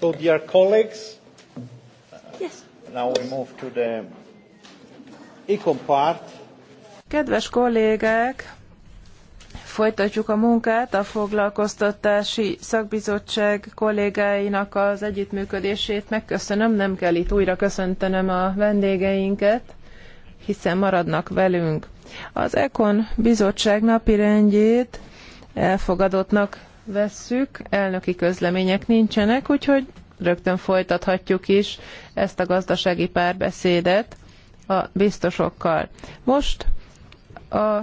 So, dear colleagues, yes. now we move to the econ part. Kedves kollégák, folytatjuk a munkát a foglalkoztatási szakbizottság kollégáinak az együttműködését. Megköszönöm, nem kell itt újra köszöntenem a vendégeinket, hiszen maradnak velünk. Az Ekon bizottság napirendjét elfogadottnak vesszük, elnöki közlemények nincsenek, úgyhogy rögtön folytathatjuk is ezt a gazdasági párbeszédet a biztosokkal. Most a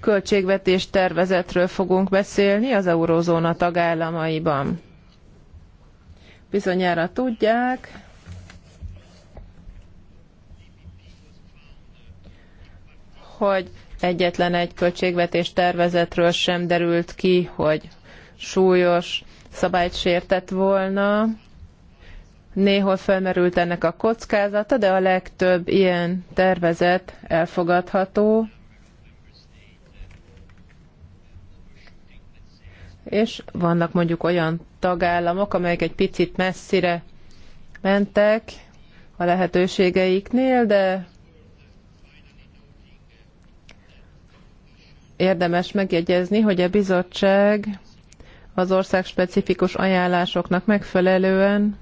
költségvetés tervezetről fogunk beszélni az eurózóna tagállamaiban. Bizonyára tudják, hogy egyetlen egy költségvetés tervezetről sem derült ki, hogy súlyos szabályt sértett volna. Néhol felmerült ennek a kockázata, de a legtöbb ilyen tervezet elfogadható. És vannak mondjuk olyan tagállamok, amelyek egy picit messzire mentek a lehetőségeiknél, de érdemes megjegyezni, hogy a bizottság az ország specifikus ajánlásoknak megfelelően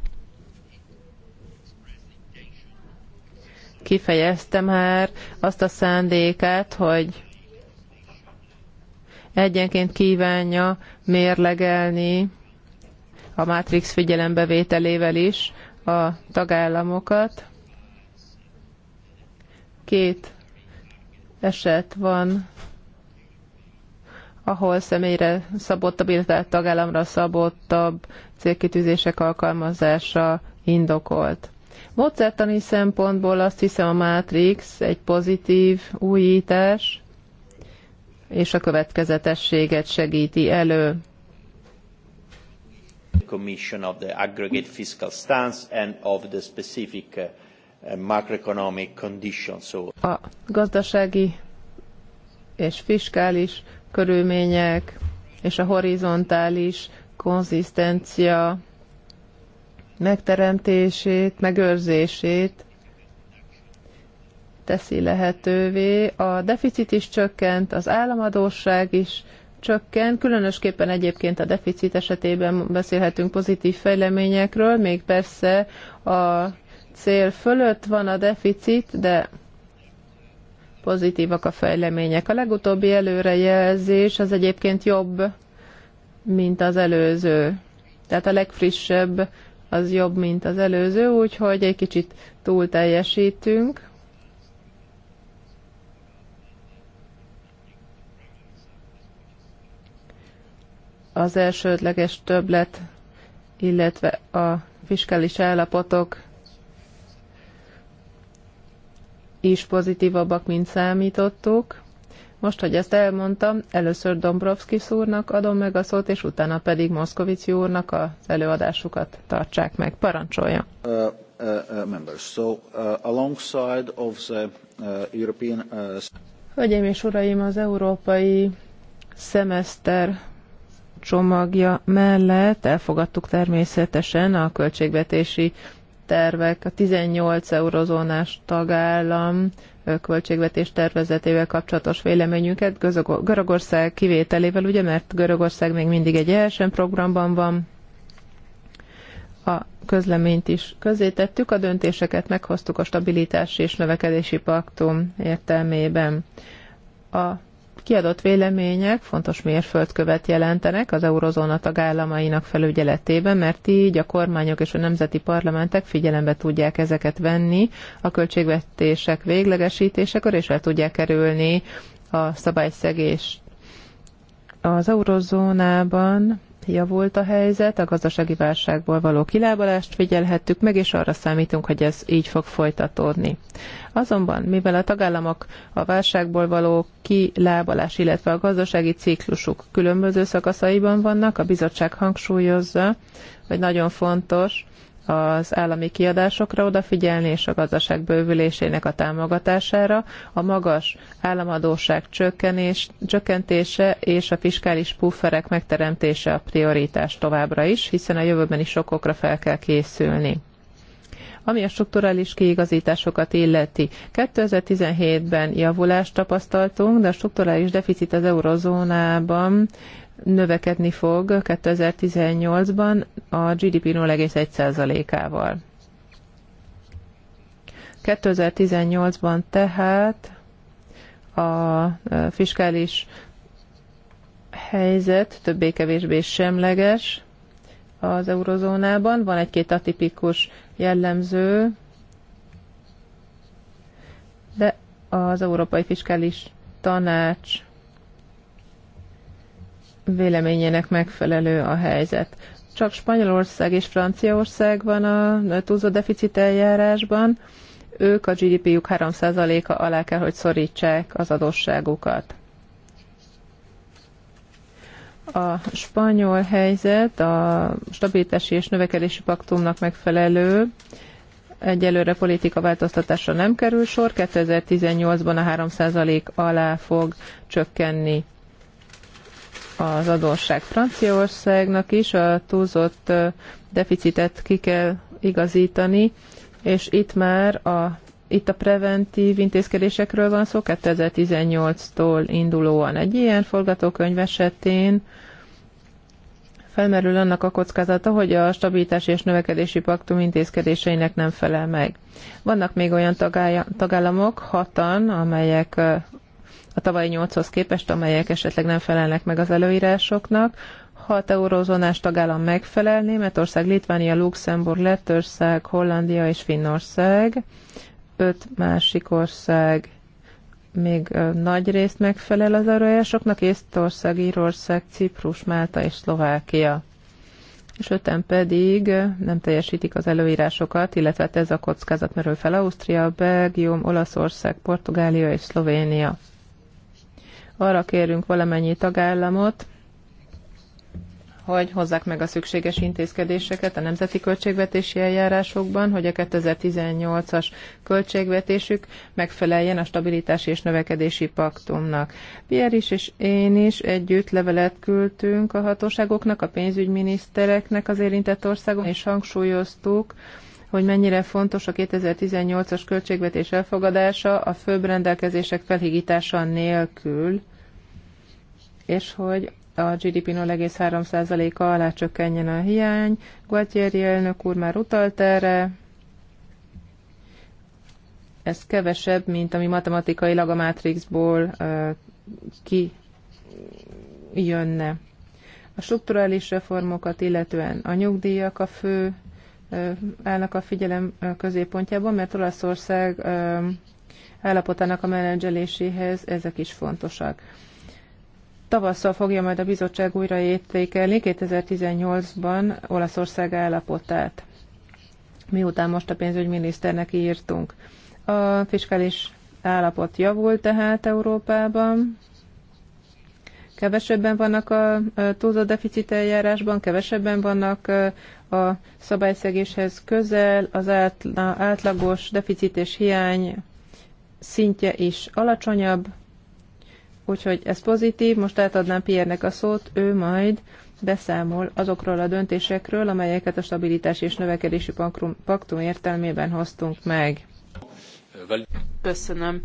kifejezte már azt a szándékát, hogy egyenként kívánja mérlegelni a Matrix figyelembevételével is a tagállamokat. Két eset van ahol személyre szabottabb, illetve tagállamra szabottabb célkitűzések alkalmazása indokolt. Módszertani szempontból azt hiszem a Matrix egy pozitív újítás, és a következetességet segíti elő. Commission of the aggregate fiscal stance and of the specific uh, macroeconomic conditions. A gazdasági és fiskális körülmények és a horizontális konzisztencia megteremtését, megőrzését teszi lehetővé. A deficit is csökkent, az államadóság is csökken, különösképpen egyébként a deficit esetében beszélhetünk pozitív fejleményekről, még persze a cél fölött van a deficit, de pozitívak a fejlemények. A legutóbbi előrejelzés az egyébként jobb, mint az előző. Tehát a legfrissebb az jobb, mint az előző, úgyhogy egy kicsit túl teljesítünk. Az elsődleges többlet, illetve a fiskális állapotok is pozitívabbak, mint számítottuk. Most, hogy ezt elmondtam, először Dombrovski szúrnak adom meg a szót, és utána pedig Moszkovici úrnak az előadásukat tartsák meg. Parancsolja. Uh, uh, uh, members. So, uh, alongside of the uh, European... Hölgyeim és uraim, az európai szemeszter csomagja mellett elfogadtuk természetesen a költségvetési tervek a 18 eurozónás tagállam költségvetés tervezetével kapcsolatos véleményünket, Görögország kivételével, ugye, mert Görögország még mindig egy ESM programban van, a közleményt is közzétettük, a döntéseket meghoztuk a stabilitási és növekedési paktum értelmében. A kiadott vélemények fontos mérföldkövet jelentenek az eurozóna tagállamainak felügyeletében, mert így a kormányok és a nemzeti parlamentek figyelembe tudják ezeket venni a költségvetések véglegesítésekor, és el tudják kerülni a szabályszegést. Az eurozónában javult a helyzet, a gazdasági válságból való kilábalást figyelhettük meg, és arra számítunk, hogy ez így fog folytatódni. Azonban, mivel a tagállamok a válságból való kilábalás, illetve a gazdasági ciklusuk különböző szakaszaiban vannak, a bizottság hangsúlyozza, hogy nagyon fontos, az állami kiadásokra odafigyelni és a gazdaság bővülésének a támogatására, a magas államadóság csökkenés, csökkentése és a fiskális pufferek megteremtése a prioritás továbbra is, hiszen a jövőben is sokokra fel kell készülni ami a strukturális kiigazításokat illeti. 2017-ben javulást tapasztaltunk, de a strukturális deficit az eurozónában növekedni fog 2018-ban a GDP 0,1%-ával. 2018-ban tehát a e, fiskális helyzet többé-kevésbé semleges az eurozónában. Van egy-két atipikus jellemző, de az Európai Fiskális Tanács véleményének megfelelő a helyzet. Csak Spanyolország és Franciaország van a túlzó deficit eljárásban, ők a gdp juk 3%-a alá kell, hogy szorítsák az adósságukat. A spanyol helyzet a stabilitási és növekedési paktumnak megfelelő, egyelőre politika változtatásra nem kerül sor, 2018-ban a 3% alá fog csökkenni az adósság Franciaországnak is, a túlzott deficitet ki kell igazítani, és itt már a itt a preventív intézkedésekről van szó, 2018-tól indulóan egy ilyen forgatókönyv esetén felmerül annak a kockázata, hogy a stabilitási és növekedési paktum intézkedéseinek nem felel meg. Vannak még olyan tagállamok, hatan, amelyek a tavalyi 8-hoz képest, amelyek esetleg nem felelnek meg az előírásoknak. Hat eurózónás tagállam megfelel, Németország, Litvánia, Luxemburg, Lettország, Hollandia és Finnország. Öt másik ország még nagy részt megfelel az előírásoknak, Észtország, Írország, Ciprus, Málta és Szlovákia és öten pedig nem teljesítik az előírásokat, illetve hát ez a kockázat merül fel Ausztria, Belgium, Olaszország, Portugália és Szlovénia. Arra kérünk valamennyi tagállamot, hogy hozzák meg a szükséges intézkedéseket a nemzeti költségvetési eljárásokban, hogy a 2018-as költségvetésük megfeleljen a stabilitási és növekedési paktumnak. Pierre is és én is együtt levelet küldtünk a hatóságoknak, a pénzügyminisztereknek az érintett országon, és hangsúlyoztuk, hogy mennyire fontos a 2018-as költségvetés elfogadása a főbb rendelkezések felhigítása nélkül, és hogy a GDP 0,3%-a alá csökkenjen a hiány. Gualtieri elnök úr már utalt erre. Ez kevesebb, mint ami matematikailag a Matrixból uh, ki jönne. A strukturális reformokat illetően a nyugdíjak a fő állnak a figyelem középpontjában, mert Olaszország állapotának a menedzseléséhez ezek is fontosak. Tavasszal fogja majd a bizottság újra értékelni 2018-ban Olaszország állapotát, miután most a pénzügyminiszternek írtunk. A fiskális állapot javult tehát Európában, kevesebben vannak a túlzott deficit eljárásban, kevesebben vannak a szabályszegéshez közel, az átlagos deficit és hiány szintje is alacsonyabb, úgyhogy ez pozitív. Most átadnám Piernek a szót, ő majd beszámol azokról a döntésekről, amelyeket a stabilitási és növekedési paktum értelmében hoztunk meg. Köszönöm.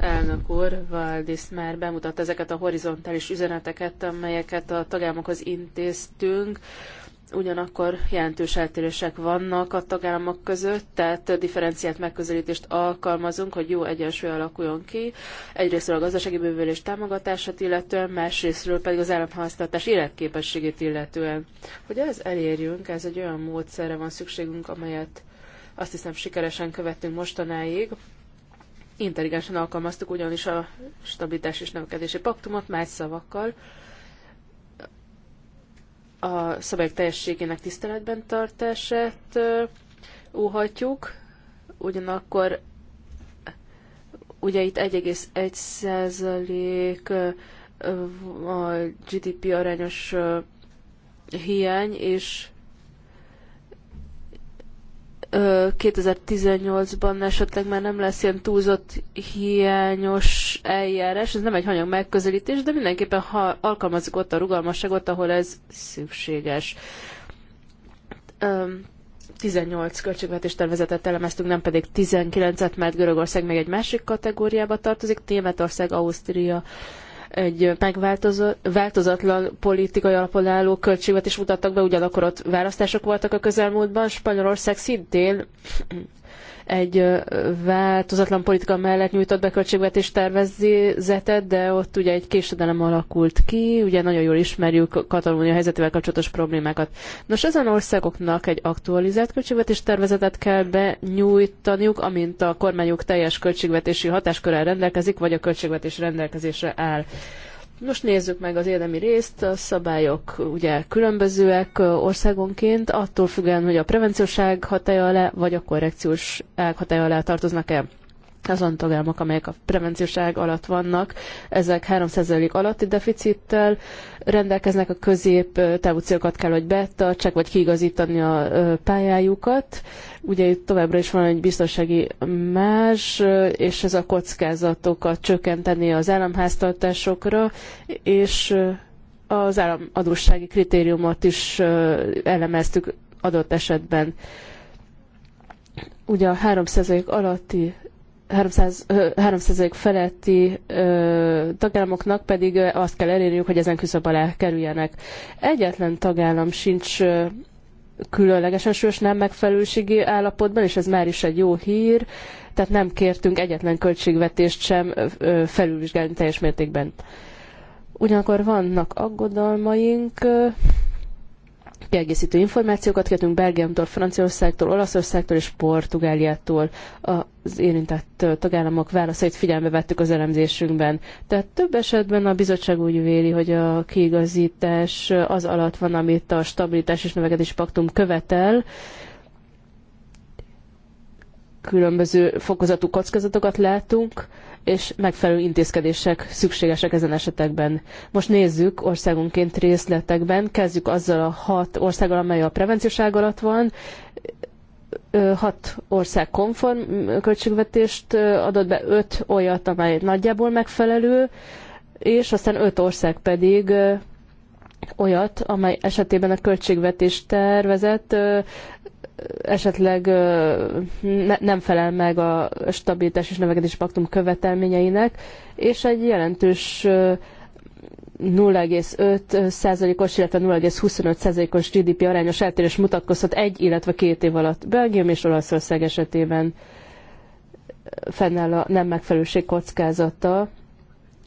Elnök úr, Valdis már bemutatta ezeket a horizontális üzeneteket, amelyeket a tagállamokhoz intéztünk. Ugyanakkor jelentős eltérések vannak a tagállamok között, tehát differenciált megközelítést alkalmazunk, hogy jó egyensúly alakuljon ki. Egyrészt a gazdasági bővülés támogatását illetően, másrésztről pedig az államháztartás életképességét illetően. Hogy ez elérjünk, ez egy olyan módszerre van szükségünk, amelyet azt hiszem sikeresen követtünk mostanáig, Intelligensen alkalmaztuk ugyanis a stabilitás és növekedési paktumot más szavakkal, a szabályok teljességének tiszteletben tartását óhatjuk, ugyanakkor ugye itt 1,1% a GDP arányos hiány, és 2018-ban esetleg már nem lesz ilyen túlzott hiányos eljárás. Ez nem egy hanyag megközelítés, de mindenképpen ha alkalmazzuk ott a rugalmasságot, ahol ez szükséges. 18 költségvetés tervezetet elemeztünk, nem pedig 19-et, mert Görögország még egy másik kategóriába tartozik, Németország, Ausztria, egy megváltozatlan politikai alapon álló költségvetést mutattak be, ugyanakkor ott választások voltak a közelmúltban. Spanyolország szintén egy változatlan politika mellett nyújtott be költségvetés tervezetet, de ott ugye egy késedelem alakult ki, ugye nagyon jól ismerjük Katalónia helyzetével kapcsolatos problémákat. Nos, ezen országoknak egy aktualizált költségvetés tervezetet kell benyújtaniuk, amint a kormányuk teljes költségvetési hatáskörrel rendelkezik, vagy a költségvetés rendelkezésre áll. Most nézzük meg az érdemi részt. A szabályok ugye különbözőek országonként, attól függően, hogy a prevenciós ág hatája alá, vagy a korrekciós ág hatája alá tartoznak-e azon tagállamok, amelyek a prevenciós alatt vannak, ezek 3% alatti deficittel rendelkeznek, a közép távú célokat kell, hogy betartsák, vagy kiigazítani a pályájukat. Ugye itt továbbra is van egy biztonsági más, és ez a kockázatokat csökkenteni az államháztartásokra, és az államadósági kritériumot is elemeztük adott esetben. Ugye a 3% alatti 300, 300 feletti ö, tagállamoknak pedig azt kell elérniük, hogy ezen küszöb alá kerüljenek. Egyetlen tagállam sincs ö, különlegesen sős nem megfelelőségi állapotban, és ez már is egy jó hír, tehát nem kértünk egyetlen költségvetést sem ö, felülvizsgálni teljes mértékben. Ugyanakkor vannak aggodalmaink, kiegészítő információkat kértünk Belgiumtól, Franciaországtól, Olaszországtól és Portugáliától. Az érintett tagállamok válaszait figyelembe vettük az elemzésünkben. Tehát több esetben a bizottság úgy véli, hogy a kiigazítás az alatt van, amit a stabilitás és növekedési paktum követel, különböző fokozatú kockázatokat látunk, és megfelelő intézkedések szükségesek ezen esetekben. Most nézzük országonként részletekben, kezdjük azzal a hat országgal, amely a prevenciós ág alatt van, hat ország konform költségvetést adott be, öt olyat, amely nagyjából megfelelő, és aztán öt ország pedig olyat, amely esetében a költségvetés tervezett esetleg ne, nem felel meg a stabilitás és növekedés paktum követelményeinek, és egy jelentős 0,5%-os, illetve 0,25%-os GDP arányos eltérés mutatkozhat egy, illetve két év alatt Belgium és Olaszország esetében fennáll a nem megfelelőség kockázata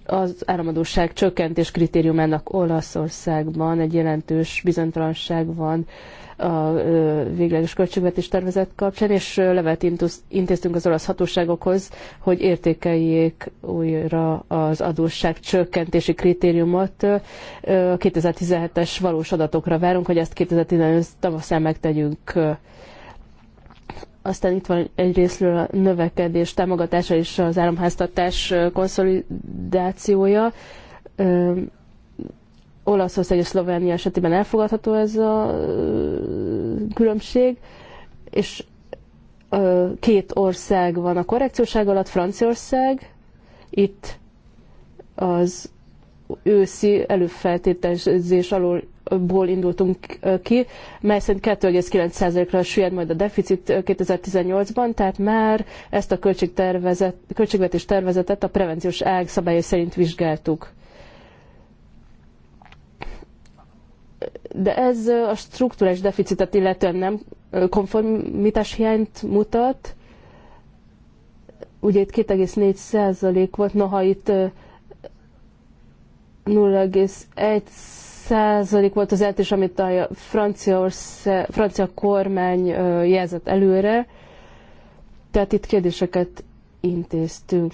az államadóság csökkentés kritériumának Olaszországban egy jelentős bizonytalanság van a végleges költségvetés tervezet kapcsán, és levet intéztünk az olasz hatóságokhoz, hogy értékeljék újra az adósság csökkentési kritériumot. A 2017-es valós adatokra várunk, hogy ezt 2015 tavaszán megtegyünk aztán itt van egy részről a növekedés támogatása és az államháztartás konszolidációja. Olaszország és Szlovénia esetében elfogadható ez a különbség, és két ország van a korrekcióság alatt, Franciaország, itt az őszi előfeltételezés alól ból indultunk ki, mely szerint 2,9%-ra süllyed majd a deficit 2018-ban, tehát már ezt a költségtervezet, költségvetés tervezetet a prevenciós ág szabályai szerint vizsgáltuk. De ez a struktúrás deficitet illetően nem konformitás hiányt mutat. Ugye itt 2,4% volt, noha itt 0,1 százalék volt az eltés, amit a francia, francia kormány jelzett előre. Tehát itt kérdéseket intéztünk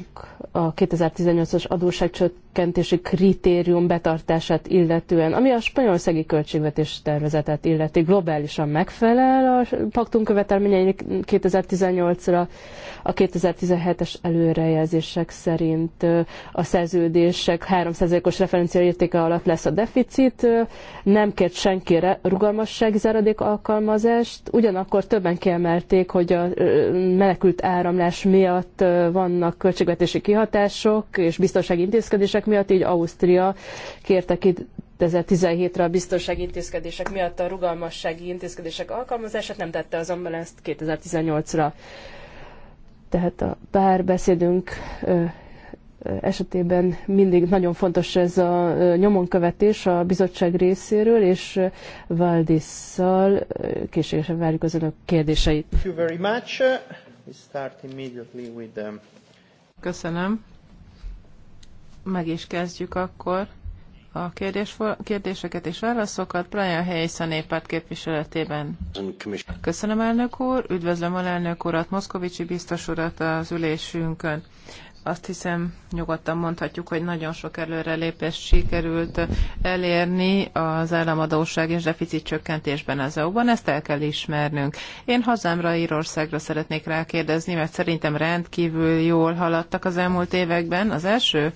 a 2018-as adóságcsökkentési kritérium betartását illetően, ami a spanyolszegi költségvetés tervezetet illeti, globálisan megfelel a paktunk követelményeinek 2018-ra, a 2017-es előrejelzések szerint a szerződések 3%-os referenciaértéke alatt lesz a deficit, nem kért senkire rugalmassági záradék alkalmazást, ugyanakkor többen kiemelték, hogy a menekült áramlás miatt vannak költségvetési kihatások és biztonsági intézkedések miatt, így Ausztria kérte ki 2017-re a biztonsági intézkedések miatt a rugalmassági intézkedések alkalmazását, nem tette azonban ezt 2018-ra. Tehát a párbeszédünk esetében mindig nagyon fontos ez a nyomonkövetés a bizottság részéről, és Valdisszal később várjuk az önök kérdéseit. We start immediately with them. Köszönöm. Meg is kezdjük akkor a kérdés, kérdéseket és válaszokat. Brian Hayes a néppárt képviseletében. Köszönöm, elnök úr. Üdvözlöm a elnök urat, Moszkovicsi biztos urat az ülésünkön azt hiszem nyugodtan mondhatjuk, hogy nagyon sok előrelépést sikerült elérni az államadóság és deficit csökkentésben az EU-ban, ezt el kell ismernünk. Én hazámra, Írországra szeretnék rákérdezni, mert szerintem rendkívül jól haladtak az elmúlt években. Az első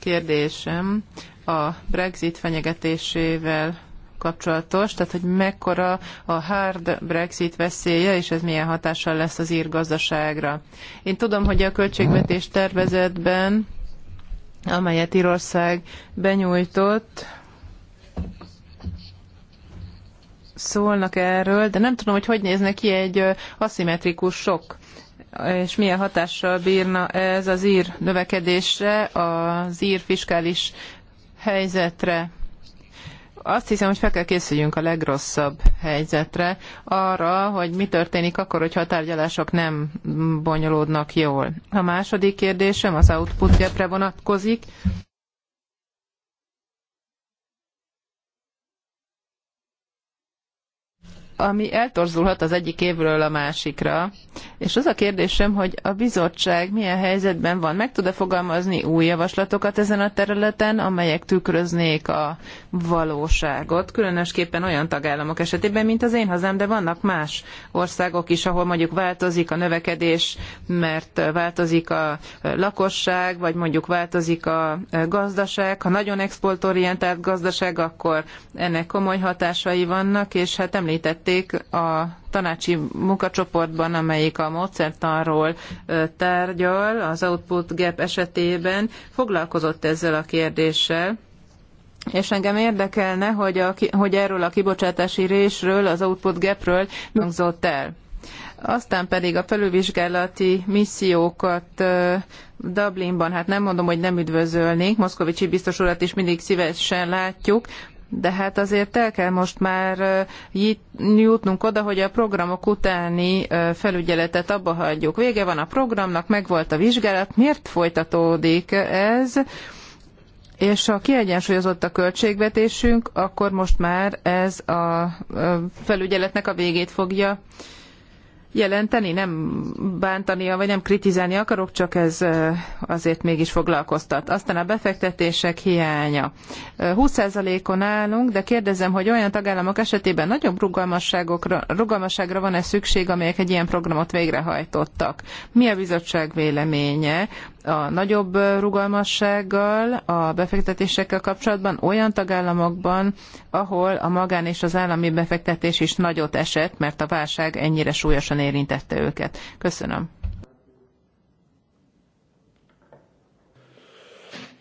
kérdésem a Brexit fenyegetésével kapcsolatos, tehát hogy mekkora a hard Brexit veszélye, és ez milyen hatással lesz az ír gazdaságra. Én tudom, hogy a költségvetés tervezetben, amelyet Írország benyújtott, szólnak erről, de nem tudom, hogy hogy nézne ki egy aszimmetrikus sok és milyen hatással bírna ez az ír növekedésre, az ír fiskális helyzetre azt hiszem, hogy fel kell készüljünk a legrosszabb helyzetre, arra, hogy mi történik akkor, hogyha a tárgyalások nem bonyolódnak jól. A második kérdésem az output gapre vonatkozik. ami eltorzulhat az egyik évről a másikra. És az a kérdésem, hogy a bizottság milyen helyzetben van, meg tud-e fogalmazni új javaslatokat ezen a területen, amelyek tükröznék a valóságot, különösképpen olyan tagállamok esetében, mint az én hazám, de vannak más országok is, ahol mondjuk változik a növekedés, mert változik a lakosság, vagy mondjuk változik a gazdaság. Ha nagyon exportorientált gazdaság, akkor ennek komoly hatásai vannak, és hát említett említették a tanácsi munkacsoportban, amelyik a módszertanról tárgyal, az output gap esetében foglalkozott ezzel a kérdéssel, és engem érdekelne, hogy, a, hogy erről a kibocsátási résről, az output gapről hangzott el. Aztán pedig a felülvizsgálati missziókat Dublinban, hát nem mondom, hogy nem üdvözölnénk, Moszkovicsi biztos urat is mindig szívesen látjuk, de hát azért el kell most már jutnunk oda, hogy a programok utáni felügyeletet abba hagyjuk. Vége van a programnak, megvolt a vizsgálat, miért folytatódik ez? És ha kiegyensúlyozott a költségvetésünk, akkor most már ez a felügyeletnek a végét fogja jelenteni, nem bántania, vagy nem kritizálni akarok, csak ez azért mégis foglalkoztat. Aztán a befektetések hiánya. 20%-on állunk, de kérdezem, hogy olyan tagállamok esetében nagyobb rugalmasságokra, rugalmasságra van-e szükség, amelyek egy ilyen programot végrehajtottak? Mi a bizottság véleménye? a nagyobb rugalmassággal, a befektetésekkel kapcsolatban olyan tagállamokban, ahol a magán és az állami befektetés is nagyot esett, mert a válság ennyire súlyosan érintette őket. Köszönöm.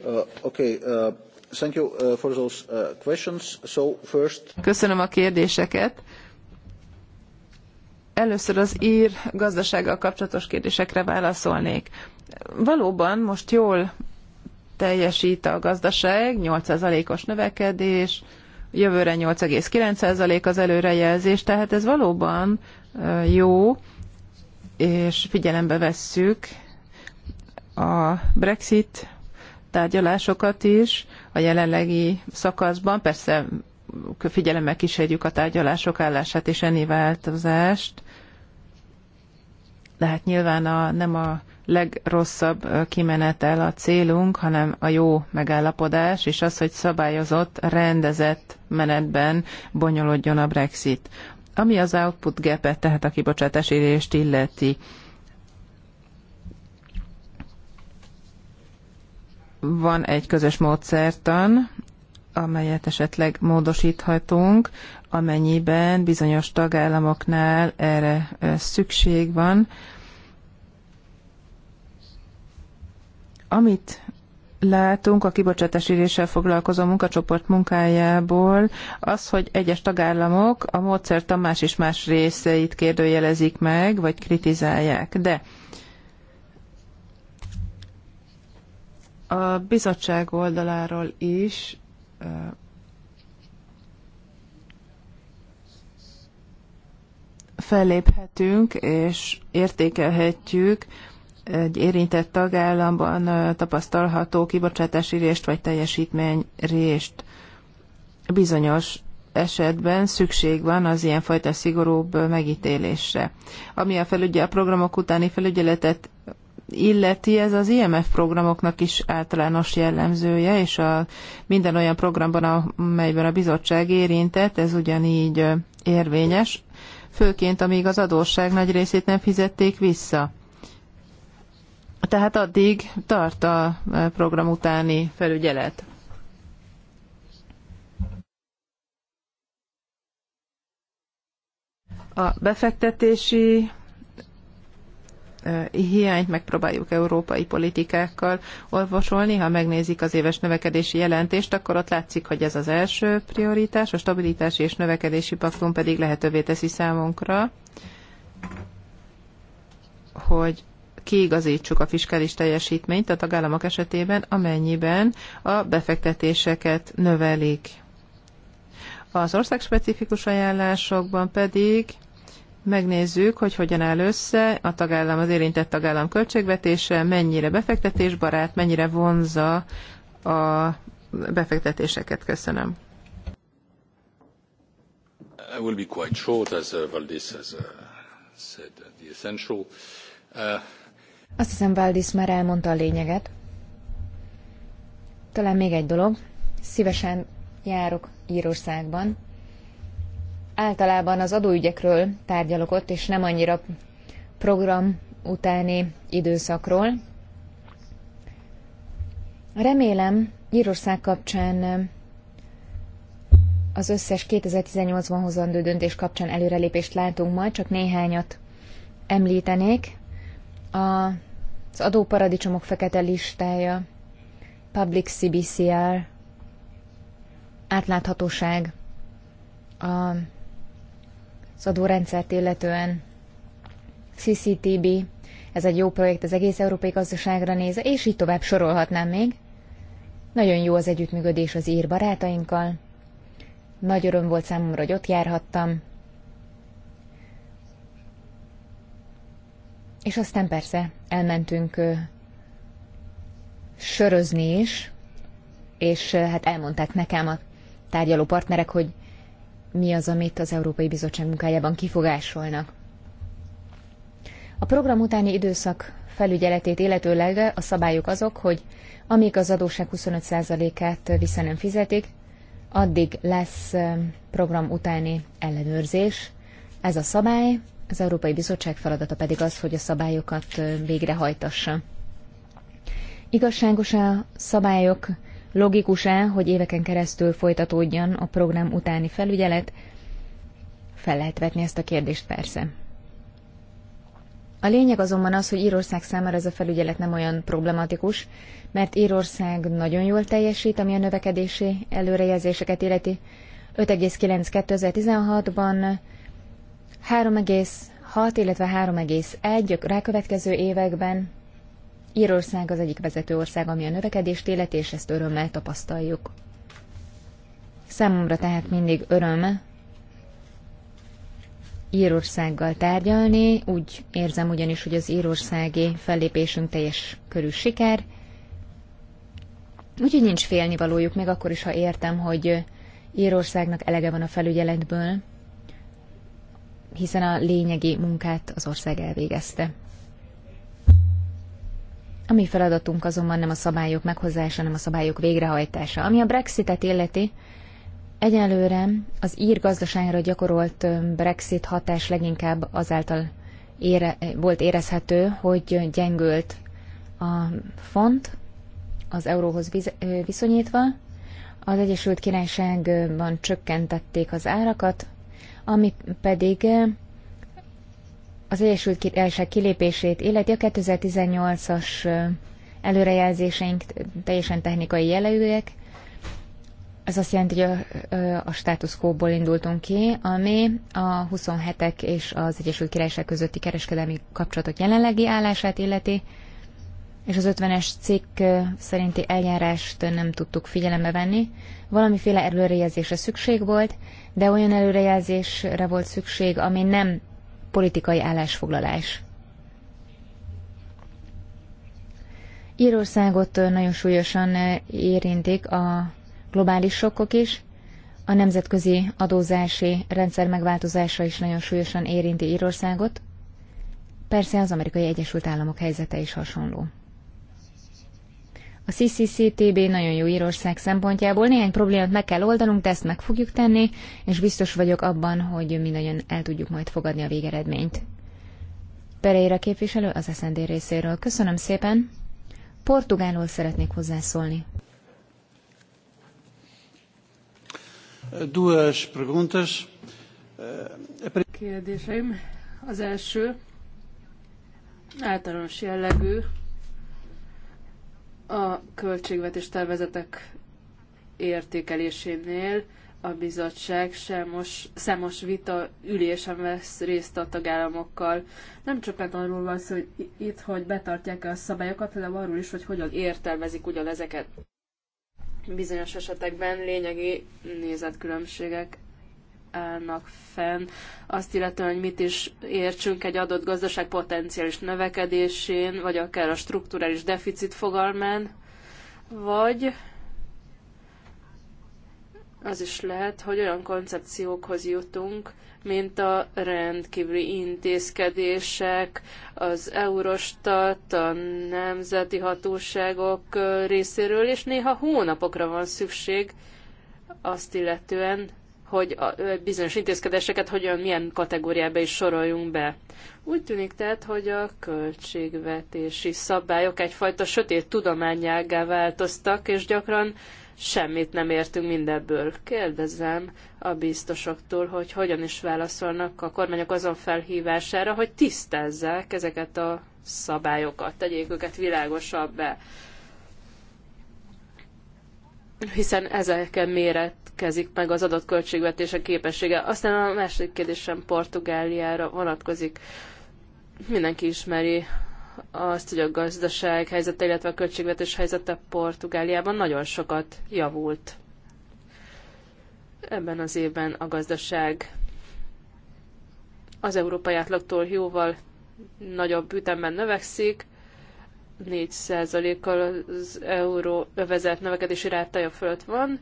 Uh, okay, uh... Thank you uh, for those uh, questions. So first... Köszönöm a kérdéseket. Először az ír gazdasággal kapcsolatos kérdésekre válaszolnék valóban most jól teljesít a gazdaság, 8%-os növekedés, jövőre 8,9% az előrejelzés, tehát ez valóban jó, és figyelembe vesszük a Brexit tárgyalásokat is a jelenlegi szakaszban, persze figyelemmel kísérjük a tárgyalások állását és ennyi változást, de hát nyilván a, nem a legrosszabb kimenetel a célunk, hanem a jó megállapodás, és az, hogy szabályozott, rendezett menetben bonyolodjon a Brexit. Ami az output gap tehát a kibocsátás érést illeti, van egy közös módszertan, amelyet esetleg módosíthatunk, amennyiben bizonyos tagállamoknál erre szükség van, Amit látunk a kibocsátáséréssel foglalkozó munkacsoport munkájából, az, hogy egyes tagállamok a a más és más részeit kérdőjelezik meg, vagy kritizálják. De a bizottság oldaláról is felléphetünk és értékelhetjük, egy érintett tagállamban tapasztalható részt vagy teljesítmény részt Bizonyos esetben szükség van az ilyenfajta szigorúbb megítélésre. Ami a, felügye, a programok utáni felügyeletet illeti, ez az IMF programoknak is általános jellemzője, és a minden olyan programban, amelyben a bizottság érintett, ez ugyanígy érvényes, főként amíg az adósság nagy részét nem fizették vissza. Tehát addig tart a e, program utáni felügyelet. A befektetési e, hiányt megpróbáljuk európai politikákkal orvosolni. Ha megnézik az éves növekedési jelentést, akkor ott látszik, hogy ez az első prioritás, a stabilitási és növekedési paktum pedig lehetővé teszi számunkra, hogy kiigazítsuk a fiskális teljesítményt a tagállamok esetében, amennyiben a befektetéseket növelik. Az országspecifikus ajánlásokban pedig megnézzük, hogy hogyan áll össze a tagállam, az érintett tagállam költségvetése, mennyire befektetésbarát, mennyire vonza a befektetéseket. Köszönöm. I will be quite short, as uh, Valdis has uh, said uh, the essential. Uh, azt hiszem, Valdis már elmondta a lényeget. Talán még egy dolog. Szívesen járok Írországban. Általában az adóügyekről tárgyalok ott, és nem annyira program utáni időszakról. Remélem, Írország kapcsán az összes 2018-ban hozandó döntés kapcsán előrelépést látunk majd, csak néhányat említenék a, az adóparadicsomok fekete listája, Public CBCR, átláthatóság, a, az adórendszert illetően, CCTB, ez egy jó projekt az egész európai gazdaságra néz. és így tovább sorolhatnám még. Nagyon jó az együttműködés az ír barátainkkal. Nagy öröm volt számomra, hogy ott járhattam, És aztán persze elmentünk sörözni is, és hát elmondták nekem a tárgyaló partnerek, hogy mi az, amit az Európai Bizottság munkájában kifogásolnak. A program utáni időszak felügyeletét illetőleg a szabályok azok, hogy amíg az adóság 25%-át vissza nem fizetik, addig lesz program utáni ellenőrzés. Ez a szabály, az Európai Bizottság feladata pedig az, hogy a szabályokat végrehajtassa. Igazságos a szabályok, logikus-e, hogy éveken keresztül folytatódjon a program utáni felügyelet? Fel lehet vetni ezt a kérdést persze. A lényeg azonban az, hogy Írország számára ez a felügyelet nem olyan problematikus, mert Írország nagyon jól teljesít, ami a növekedési előrejelzéseket illeti. 5,9 2016-ban 3,6, illetve 3,1 a rákövetkező években. Írország az egyik vezető ország, ami a növekedést élet, és ezt örömmel tapasztaljuk. Számomra tehát mindig öröm Írországgal tárgyalni, úgy érzem ugyanis, hogy az írországi fellépésünk teljes körű siker, úgyhogy nincs félnivalójuk, még akkor is, ha értem, hogy Írországnak elege van a felügyeletből, hiszen a lényegi munkát az ország elvégezte. A mi feladatunk azonban nem a szabályok meghozása, hanem a szabályok végrehajtása. Ami a Brexitet illeti, egyelőre az ír gazdaságra gyakorolt Brexit hatás leginkább azáltal ére, volt érezhető, hogy gyengült a font az euróhoz viszonyítva, az Egyesült Királyságban csökkentették az árakat, ami pedig eh, az Egyesült Királyság kilépését illeti a 2018-as eh, előrejelzéseink teljesen technikai jellegűek. Ez azt jelenti, hogy a, eh, a status quo-ból indultunk ki, ami a 27-ek és az Egyesült Királyság közötti kereskedelmi kapcsolatok jelenlegi állását illeti, és az 50-es cikk szerinti eljárást nem tudtuk figyelembe venni. Valamiféle előrejelzésre szükség volt, de olyan előrejelzésre volt szükség, ami nem politikai állásfoglalás. Írországot nagyon súlyosan érintik a globális sokkok is, a nemzetközi adózási rendszer megváltozása is nagyon súlyosan érinti Írországot, persze az amerikai Egyesült Államok helyzete is hasonló. A CCCTB nagyon jó Írország szempontjából. Néhány problémát meg kell oldanunk, de ezt meg fogjuk tenni, és biztos vagyok abban, hogy mi nagyon el tudjuk majd fogadni a végeredményt. Pereira képviselő az SND részéről. Köszönöm szépen. Portugálról szeretnék hozzászólni. Duas perguntas. Kérdéseim. Az első általános jellegű, a költségvetés tervezetek értékelésénél a bizottság számos, számos vita ülésen vesz részt a tagállamokkal. Nem csak arról van szó, hogy itt, hogy betartják-e a szabályokat, hanem arról is, hogy hogyan értelmezik ugyanezeket. Bizonyos esetekben lényegi nézetkülönbségek állnak fenn, azt illetően, hogy mit is értsünk egy adott gazdaság potenciális növekedésén, vagy akár a strukturális deficit fogalmán, vagy az is lehet, hogy olyan koncepciókhoz jutunk, mint a rendkívüli intézkedések, az Eurostat, a nemzeti hatóságok részéről, és néha hónapokra van szükség azt illetően, hogy a bizonyos intézkedéseket hogyan, milyen kategóriába is soroljunk be. Úgy tűnik tehát, hogy a költségvetési szabályok egyfajta sötét tudományággá változtak, és gyakran semmit nem értünk mindebből. Kérdezem a biztosoktól, hogy hogyan is válaszolnak a kormányok azon felhívására, hogy tisztázzák ezeket a szabályokat, tegyék őket világosabbá hiszen ezeken méretkezik meg az adott költségvetések képessége. Aztán a második kérdésem Portugáliára vonatkozik. Mindenki ismeri azt, hogy a gazdaság helyzete, illetve a költségvetés helyzete Portugáliában nagyon sokat javult. Ebben az évben a gazdaság az európai átlagtól jóval nagyobb ütemben növekszik, 4%-kal az euró övezet növekedési rátája fölött van,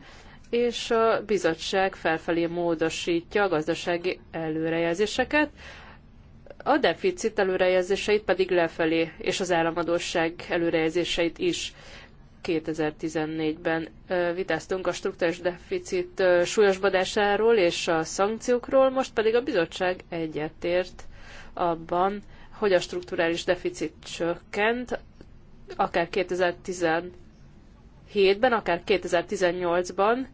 és a bizottság felfelé módosítja a gazdasági előrejelzéseket, a deficit előrejelzéseit pedig lefelé, és az államadóság előrejelzéseit is. 2014-ben vitáztunk a struktúrás deficit súlyosbadásáról és a szankciókról, most pedig a bizottság egyetért abban, hogy a strukturális deficit csökkent, akár 2017-ben, akár 2018-ban,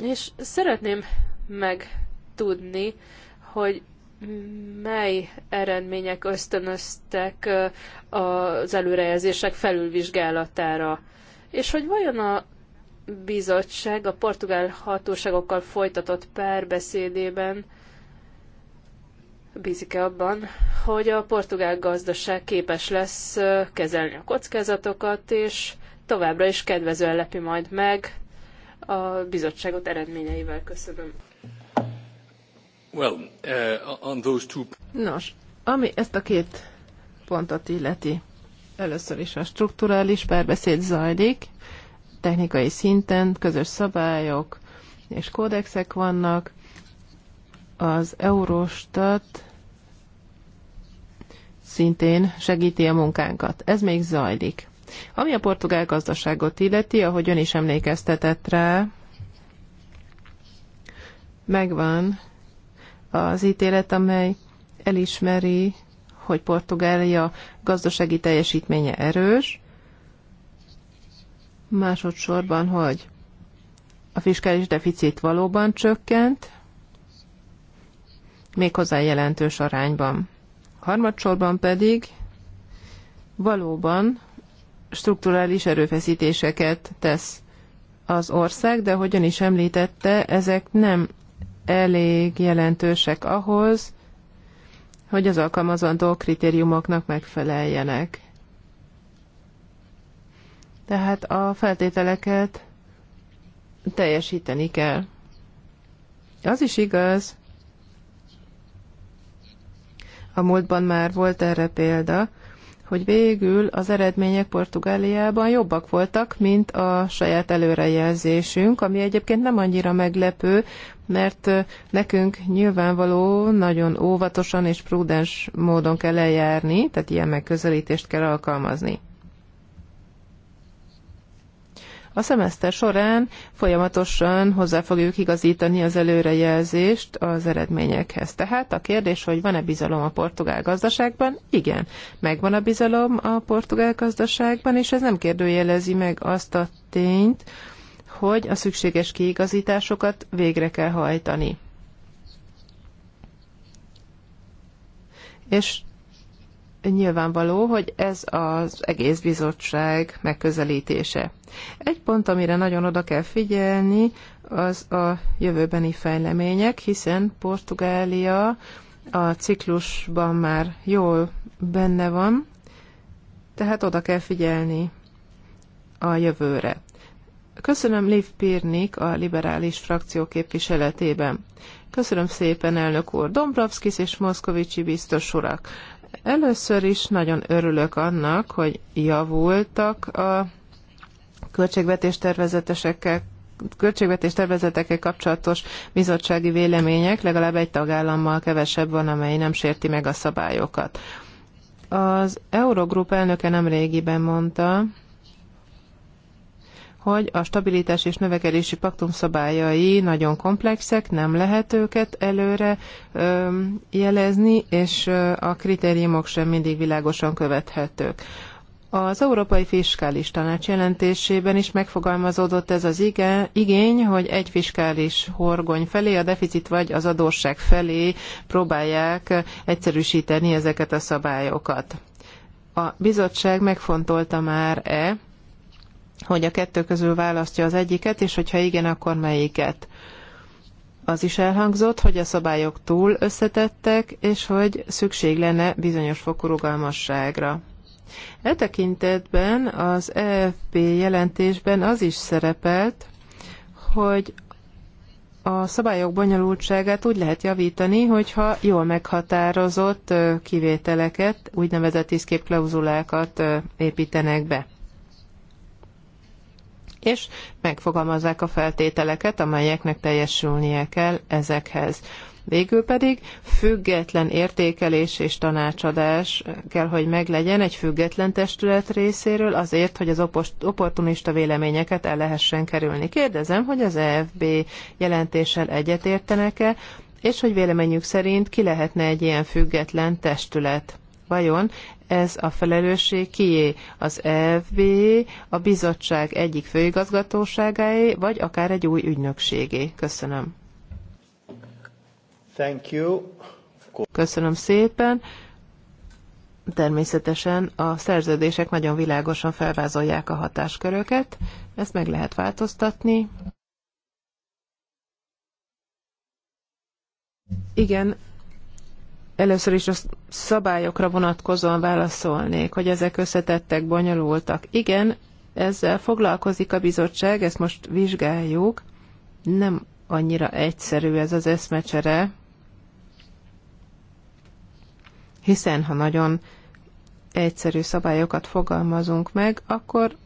és szeretném megtudni, hogy mely eredmények ösztönöztek az előrejelzések felülvizsgálatára, és hogy vajon a bizottság a portugál hatóságokkal folytatott párbeszédében bízik-e abban, hogy a portugál gazdaság képes lesz kezelni a kockázatokat, és továbbra is kedvezően lepi majd meg a bizottságot eredményeivel. Köszönöm. Well, uh, on those two... Nos, ami ezt a két pontot illeti, először is a strukturális párbeszéd zajlik, technikai szinten közös szabályok és kódexek vannak, az Eurostat szintén segíti a munkánkat. Ez még zajlik. Ami a portugál gazdaságot illeti, ahogy ön is emlékeztetett rá, megvan az ítélet, amely elismeri, hogy Portugália gazdasági teljesítménye erős, másodszorban, hogy a fiskális deficit valóban csökkent, méghozzá jelentős arányban. Harmadsorban pedig valóban strukturális erőfeszítéseket tesz az ország, de hogyan is említette, ezek nem elég jelentősek ahhoz, hogy az alkalmazandó kritériumoknak megfeleljenek. Tehát a feltételeket teljesíteni kell. Az is igaz, a múltban már volt erre példa, hogy végül az eredmények Portugáliában jobbak voltak, mint a saját előrejelzésünk, ami egyébként nem annyira meglepő, mert nekünk nyilvánvaló nagyon óvatosan és prudens módon kell eljárni, tehát ilyen megközelítést kell alkalmazni. A szemeszter során folyamatosan hozzá fogjuk igazítani az előrejelzést az eredményekhez. Tehát a kérdés, hogy van-e bizalom a portugál gazdaságban? Igen, megvan a bizalom a portugál gazdaságban, és ez nem kérdőjelezi meg azt a tényt, hogy a szükséges kiigazításokat végre kell hajtani. És nyilvánvaló, hogy ez az egész bizottság megközelítése. Egy pont, amire nagyon oda kell figyelni, az a jövőbeni fejlemények, hiszen Portugália a ciklusban már jól benne van, tehát oda kell figyelni a jövőre. Köszönöm Liv Pirnik a liberális frakció képviseletében. Köszönöm szépen, elnök úr Dombrovskis és Moszkovicsi biztos urak. Először is nagyon örülök annak, hogy javultak a költségvetés tervezetesekkel költségvetés tervezetekkel kapcsolatos bizottsági vélemények, legalább egy tagállammal kevesebb van, amely nem sérti meg a szabályokat. Az Eurogroup elnöke nem régiben mondta, hogy a stabilitás és növekedési paktum szabályai nagyon komplexek, nem lehet őket előre ö, jelezni, és a kritériumok sem mindig világosan követhetők. Az Európai Fiskális Tanács jelentésében is megfogalmazódott ez az igény, hogy egy fiskális horgony felé, a deficit vagy az adósság felé próbálják egyszerűsíteni ezeket a szabályokat. A bizottság megfontolta már-e, hogy a kettő közül választja az egyiket, és hogyha igen, akkor melyiket. Az is elhangzott, hogy a szabályok túl összetettek, és hogy szükség lenne bizonyos fokú rugalmasságra. E tekintetben az EFP jelentésben az is szerepelt, hogy a szabályok bonyolultságát úgy lehet javítani, hogyha jól meghatározott kivételeket, úgynevezett iszképklauzulákat építenek be és megfogalmazzák a feltételeket, amelyeknek teljesülnie kell ezekhez. Végül pedig független értékelés és tanácsadás kell, hogy meglegyen egy független testület részéről azért, hogy az opportunista véleményeket el lehessen kerülni. Kérdezem, hogy az EFB jelentéssel egyetértenek-e, és hogy véleményük szerint ki lehetne egy ilyen független testület vajon ez a felelősség kié? Az EFB, a bizottság egyik főigazgatóságáé, vagy akár egy új ügynökségé? Köszönöm. Thank you. Köszönöm szépen. Természetesen a szerződések nagyon világosan felvázolják a hatásköröket, ezt meg lehet változtatni. Igen, Először is a szabályokra vonatkozóan válaszolnék, hogy ezek összetettek, bonyolultak. Igen, ezzel foglalkozik a bizottság, ezt most vizsgáljuk. Nem annyira egyszerű ez az eszmecsere, hiszen ha nagyon egyszerű szabályokat fogalmazunk meg, akkor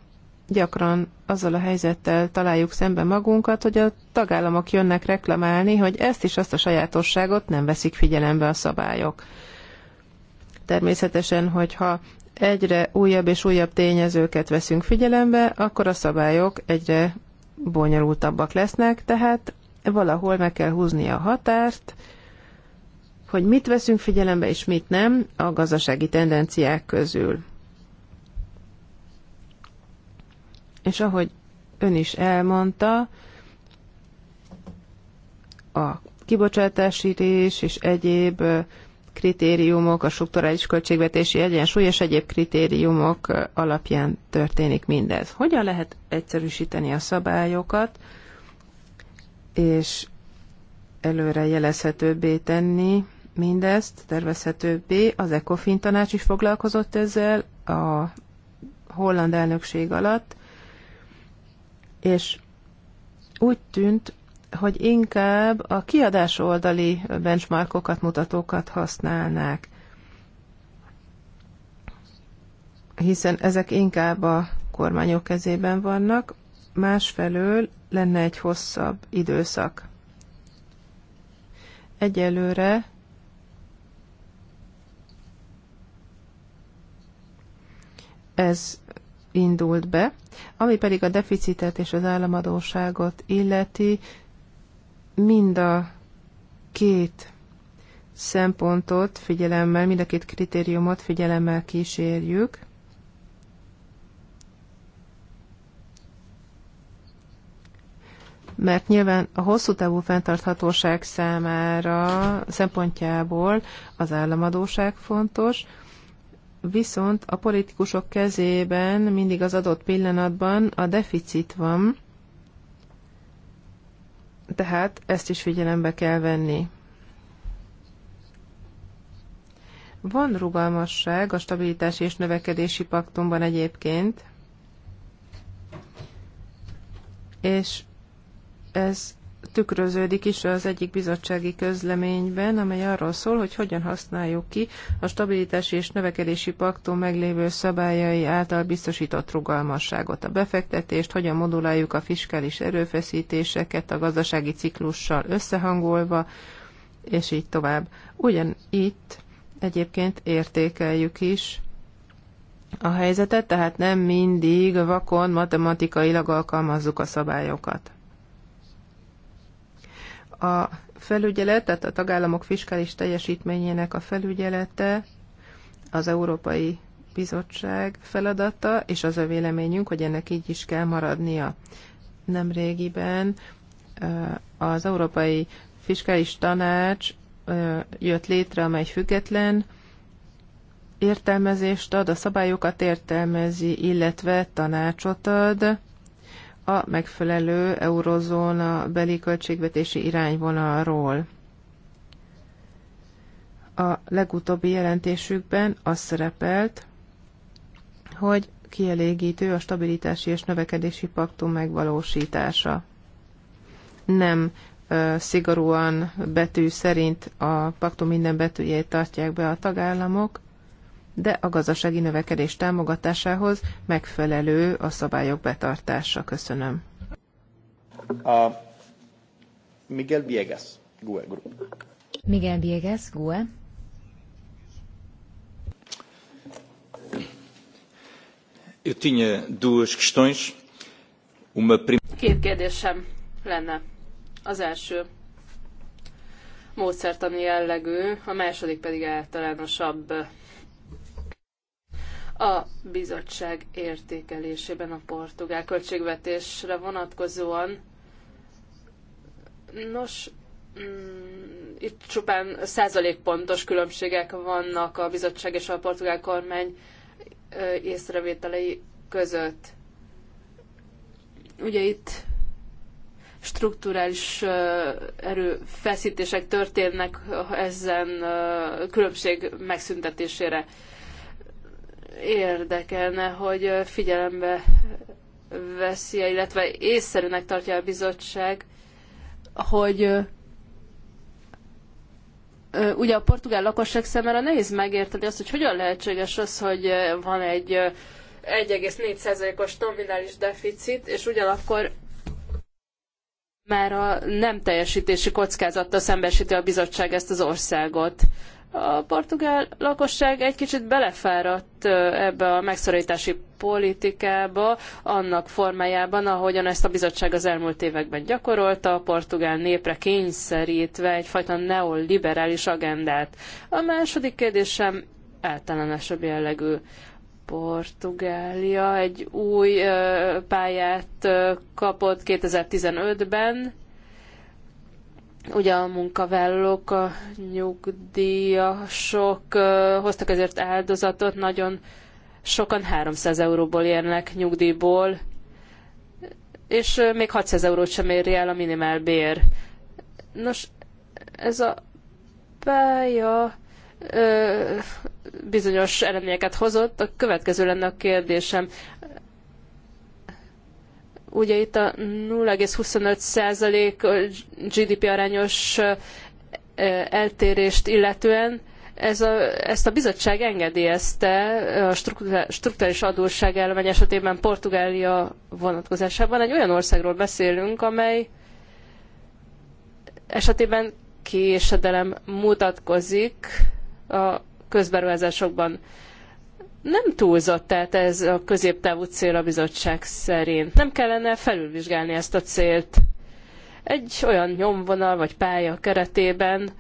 gyakran azzal a helyzettel találjuk szembe magunkat, hogy a tagállamok jönnek reklamálni, hogy ezt is azt a sajátosságot nem veszik figyelembe a szabályok. Természetesen, hogyha egyre újabb és újabb tényezőket veszünk figyelembe, akkor a szabályok egyre bonyolultabbak lesznek, tehát valahol meg kell húzni a határt, hogy mit veszünk figyelembe és mit nem a gazdasági tendenciák közül. És ahogy ön is elmondta, a kibocsátási rés és egyéb kritériumok, a strukturális költségvetési egyensúly és egyéb kritériumok alapján történik mindez. Hogyan lehet egyszerűsíteni a szabályokat, és előre jelezhetőbbé tenni mindezt, tervezhetőbbé. Az ECOFIN tanács is foglalkozott ezzel a holland elnökség alatt, és úgy tűnt, hogy inkább a kiadás oldali benchmarkokat, mutatókat használnák, hiszen ezek inkább a kormányok kezében vannak, másfelől lenne egy hosszabb időszak. Egyelőre ez indult be, ami pedig a deficitet és az államadóságot illeti, mind a két szempontot figyelemmel, mind a két kritériumot figyelemmel kísérjük. Mert nyilván a hosszú távú fenntarthatóság számára szempontjából az államadóság fontos, viszont a politikusok kezében mindig az adott pillanatban a deficit van, tehát ezt is figyelembe kell venni. Van rugalmasság a stabilitás és növekedési paktumban egyébként, és ez tükröződik is az egyik bizottsági közleményben, amely arról szól, hogy hogyan használjuk ki a stabilitási és növekedési paktum meglévő szabályai által biztosított rugalmasságot, a befektetést, hogyan moduláljuk a fiskális erőfeszítéseket a gazdasági ciklussal összehangolva, és így tovább. Ugyan itt egyébként értékeljük is a helyzetet, tehát nem mindig vakon matematikailag alkalmazzuk a szabályokat a felügyelet, tehát a tagállamok fiskális teljesítményének a felügyelete az Európai Bizottság feladata, és az a véleményünk, hogy ennek így is kell maradnia. Nemrégiben az Európai Fiskális Tanács jött létre, amely független értelmezést ad, a szabályokat értelmezi, illetve tanácsot ad a megfelelő eurozóna beli költségvetési irányvonalról. A legutóbbi jelentésükben az szerepelt, hogy kielégítő a stabilitási és növekedési paktum megvalósítása. Nem ö, szigorúan betű szerint a paktum minden betűjét tartják be a tagállamok, de a gazdasági növekedés támogatásához megfelelő a szabályok betartása. Köszönöm. A Miguel Viegas, GUE Group. Miguel Viegas, GUE. Eu tinha duas questões. Uma prim... Két kérdésem lenne. Az első módszertani jellegű, a második pedig általánosabb a bizottság értékelésében a portugál költségvetésre vonatkozóan. Nos, mm, itt csupán százalékpontos különbségek vannak a bizottság és a portugál kormány észrevételei között. Ugye itt strukturális erőfeszítések történnek ezen különbség megszüntetésére érdekelne, hogy figyelembe veszi, -e, illetve észszerűnek tartja a bizottság, hogy ugye a portugál lakosság számára nehéz megérteni azt, hogy hogyan lehetséges az, hogy van egy 1,4%-os nominális deficit, és ugyanakkor már a nem teljesítési kockázattal szembesíti a bizottság ezt az országot. A portugál lakosság egy kicsit belefáradt ebbe a megszorítási politikába, annak formájában, ahogyan ezt a bizottság az elmúlt években gyakorolta, a portugál népre kényszerítve egyfajta neoliberális agendát. A második kérdésem általánosabb jellegű. Portugália egy új pályát kapott 2015-ben, Ugye a munkavállalók, a nyugdíjasok hoztak ezért áldozatot, nagyon sokan 300 euróból érnek nyugdíjból, és még 600 eurót sem éri el a bér Nos, ez a pálya ö, bizonyos eredményeket hozott. A következő lenne a kérdésem. Ugye itt a 0,25% GDP arányos eltérést illetően ez a, ezt a bizottság engedélyezte a strukturális adósság elvány esetében Portugália vonatkozásában. Egy olyan országról beszélünk, amely esetében késedelem mutatkozik a közberuházásokban nem túlzott, tehát ez a középtávú cél a bizottság szerint. Nem kellene felülvizsgálni ezt a célt egy olyan nyomvonal vagy pálya keretében,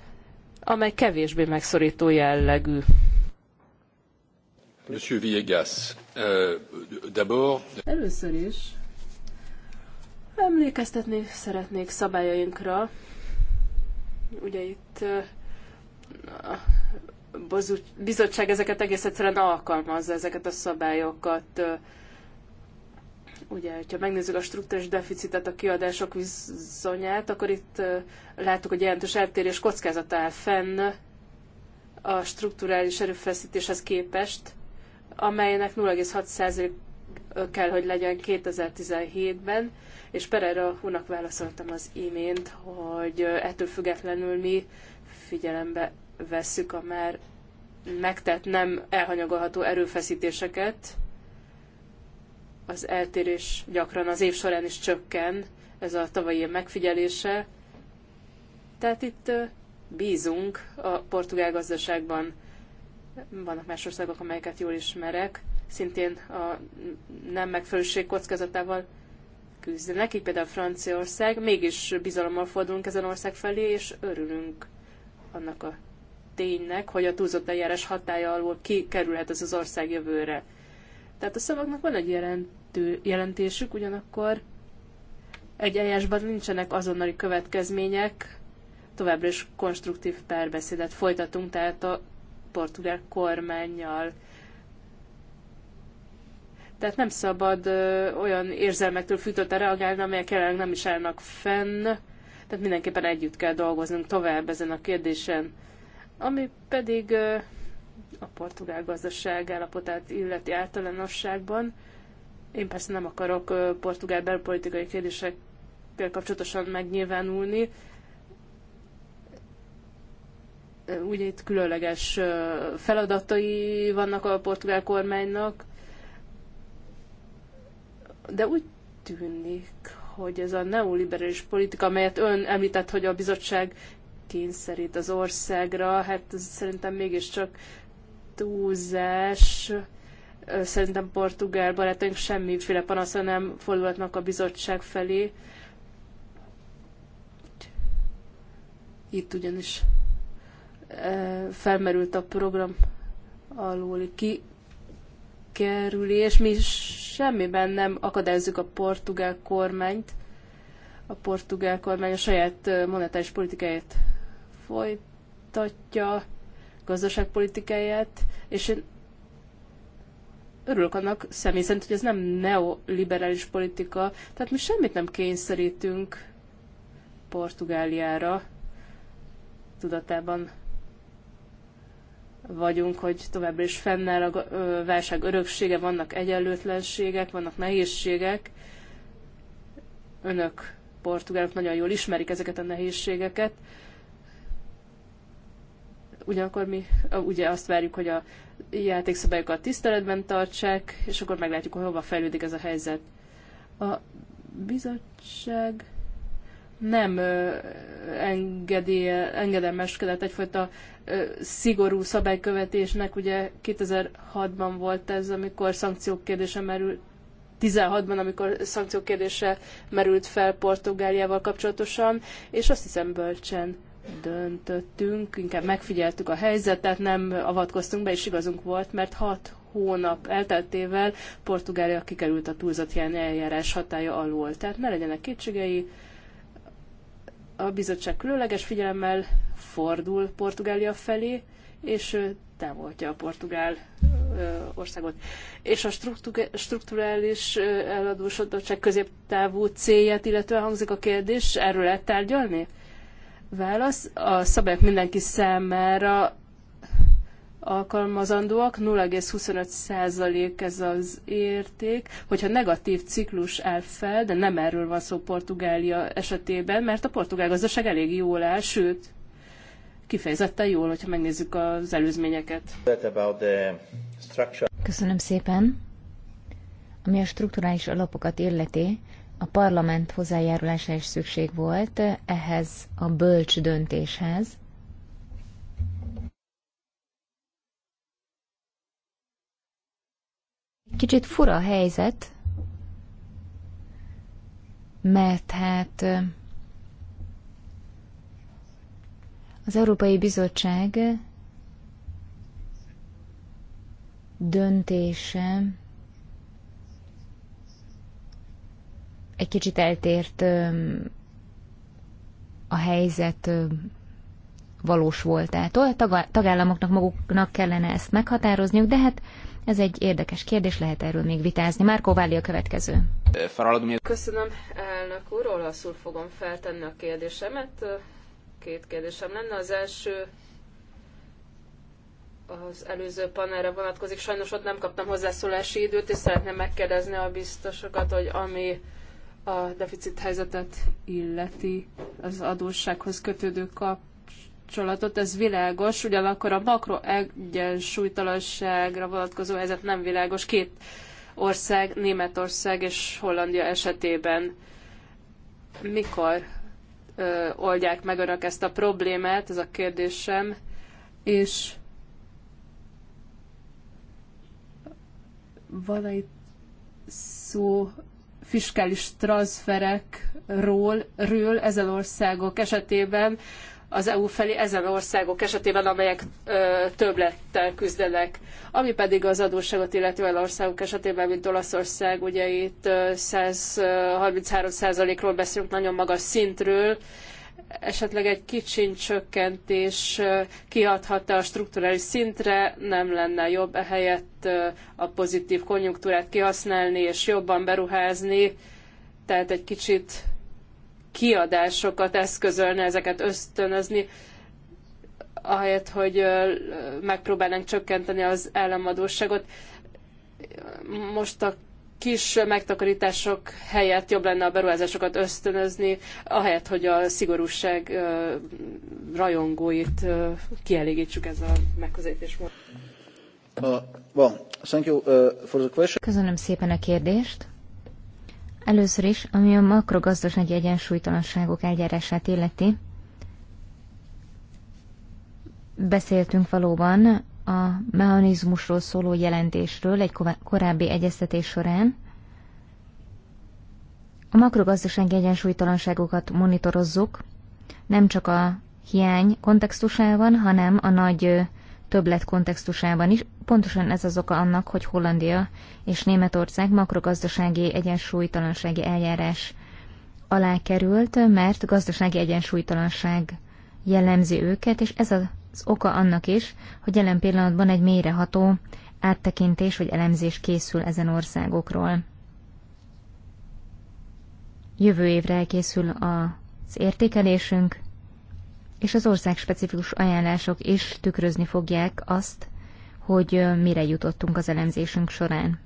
amely kevésbé megszorító jellegű. Monsieur Villegas, euh, Először is emlékeztetni szeretnék szabályainkra. Ugye itt euh, bizottság ezeket egész egyszerűen alkalmazza, ezeket a szabályokat. Ugye, ha megnézzük a struktúrás deficitet, a kiadások viszonyát, akkor itt látjuk, hogy jelentős eltérés kockázata áll fenn a strukturális erőfeszítéshez képest, amelynek 0,6% kell, hogy legyen 2017-ben, és Pereira úrnak válaszoltam az imént, hogy ettől függetlenül mi figyelembe vesszük a már megtett, nem elhanyagolható erőfeszítéseket, az eltérés gyakran az év során is csökken, ez a tavalyi megfigyelése. Tehát itt bízunk a portugál gazdaságban. Vannak más országok, amelyeket jól ismerek, szintén a nem megfelelőség kockázatával küzdenek, így például Franciaország, mégis bizalommal fordulunk ezen ország felé, és örülünk annak a ténynek, hogy a túlzott eljárás hatája alól kikerülhet ez az ország jövőre. Tehát a szavaknak van egy jelentő, jelentésük, ugyanakkor egy eljásban nincsenek azonnali következmények, továbbra is konstruktív párbeszédet folytatunk, tehát a portugál kormányjal. Tehát nem szabad ö, olyan érzelmektől fűtötte reagálni, amelyek jelenleg nem is állnak fenn. Tehát mindenképpen együtt kell dolgoznunk tovább ezen a kérdésen. Ami pedig a portugál gazdaság állapotát illeti általánosságban, én persze nem akarok portugál belpolitikai kérdésekkel kapcsolatosan megnyilvánulni, ugye itt különleges feladatai vannak a portugál kormánynak, de úgy tűnik, hogy ez a neoliberális politika, amelyet ön említett, hogy a bizottság kényszerít az országra, hát ez szerintem mégiscsak túlzás. Szerintem portugál barátaink semmiféle panasza nem fordulhatnak a bizottság felé. Itt ugyanis felmerült a program alul ki kerülés. Mi semmiben nem akadályozzuk a portugál kormányt. A portugál kormány a saját monetáris politikáját folytatja gazdaságpolitikáját, és én örülök annak személy szerint, hogy ez nem neoliberális politika, tehát mi semmit nem kényszerítünk Portugáliára, tudatában vagyunk, hogy továbbra is fennáll a válság öröksége, vannak egyenlőtlenségek, vannak nehézségek. Önök, portugálok nagyon jól ismerik ezeket a nehézségeket ugyanakkor mi ugye azt várjuk, hogy a játékszabályokat tiszteletben tartsák, és akkor meglátjuk, hogy hova fejlődik ez a helyzet. A bizottság nem engedi, engedelmeskedett egyfajta szigorú szabálykövetésnek. Ugye 2006-ban volt ez, amikor szankciók kérdése merült 16-ban, amikor szankciók kérdése merült fel Portugáliával kapcsolatosan, és azt hiszem bölcsen döntöttünk, inkább megfigyeltük a helyzetet, nem avatkoztunk be, és igazunk volt, mert hat hónap elteltével Portugália kikerült a túlzott ilyen eljárás hatája alól. Tehát ne legyenek kétségei, a bizottság különleges figyelemmel fordul Portugália felé, és támogatja a portugál országot. És a strukturális eladósodottság középtávú célját, illetve hangzik a kérdés, erről lehet tárgyalni? Válasz, a szabályok mindenki számára alkalmazandóak, 0,25% ez az érték, hogyha negatív ciklus áll fel, de nem erről van szó Portugália esetében, mert a portugál gazdaság elég jól áll, sőt, kifejezetten jól, hogyha megnézzük az előzményeket. Köszönöm szépen. Ami a strukturális alapokat illeti, a parlament hozzájárulása is szükség volt ehhez a bölcs döntéshez. Kicsit fura a helyzet, mert hát az Európai Bizottság döntése egy kicsit eltért a helyzet valós voltától. A tagállamoknak maguknak kellene ezt meghatározniuk, de hát ez egy érdekes kérdés, lehet erről még vitázni. Márkó Váli a következő. Köszönöm, elnök úr, olaszul fogom feltenni a kérdésemet. Két kérdésem lenne. Az első az előző panelre vonatkozik. Sajnos ott nem kaptam hozzászólási időt, és szeretném megkérdezni a biztosokat, hogy ami a deficit helyzetet illeti, az adóssághoz kötődő kapcsolatot, ez világos, ugyanakkor a makro egyensúlytalanságra vonatkozó helyzet nem világos. Két ország, Németország és Hollandia esetében mikor ö, oldják meg önök ezt a problémát, ez a kérdésem, és van itt szó fiskális transferekről ről ezen országok esetében, az EU felé ezen országok esetében, amelyek ö, többlettel küzdenek. Ami pedig az adósságot illetően országok esetében, mint Olaszország, ugye itt 133%-ról beszélünk, nagyon magas szintről, esetleg egy kicsin csökkentés kiadhatna a strukturális szintre, nem lenne jobb ehelyett a pozitív konjunktúrát kihasználni és jobban beruházni, tehát egy kicsit kiadásokat eszközölni, ezeket ösztönözni, ahelyett, hogy megpróbálnánk csökkenteni az államadóságot. Most a kis megtakarítások helyett jobb lenne a beruházásokat ösztönözni, ahelyett, hogy a szigorúság rajongóit kielégítsük ez a megközelítésmód. Uh, uh, Köszönöm szépen a kérdést. Először is, ami a makrogazdasági egyensúlytalanságok eljárását illeti, beszéltünk valóban a mechanizmusról szóló jelentésről egy korábbi egyeztetés során. A makrogazdasági egyensúlytalanságokat monitorozzuk, nem csak a hiány kontextusában, hanem a nagy többlet kontextusában is. Pontosan ez az oka annak, hogy Hollandia és Németország makrogazdasági egyensúlytalansági eljárás alá került, mert gazdasági egyensúlytalanság jellemzi őket, és ez a az oka annak is, hogy jelen pillanatban egy mélyreható áttekintés vagy elemzés készül ezen országokról. Jövő évre elkészül az értékelésünk, és az ország specifikus ajánlások is tükrözni fogják azt, hogy mire jutottunk az elemzésünk során.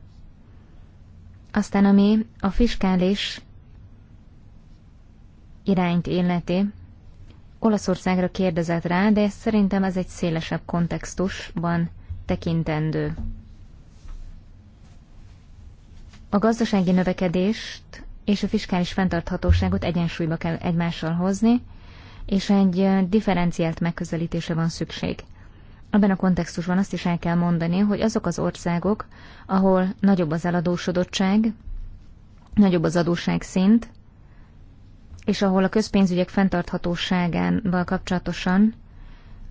Aztán ami a fiskális irányt illeti, Olaszországra kérdezett rá, de szerintem ez egy szélesebb kontextusban tekintendő. A gazdasági növekedést és a fiskális fenntarthatóságot egyensúlyba kell egymással hozni, és egy differenciált megközelítése van szükség. Ebben a kontextusban azt is el kell mondani, hogy azok az országok, ahol nagyobb az eladósodottság, nagyobb az adósság szint, és ahol a közpénzügyek fenntarthatóságával kapcsolatosan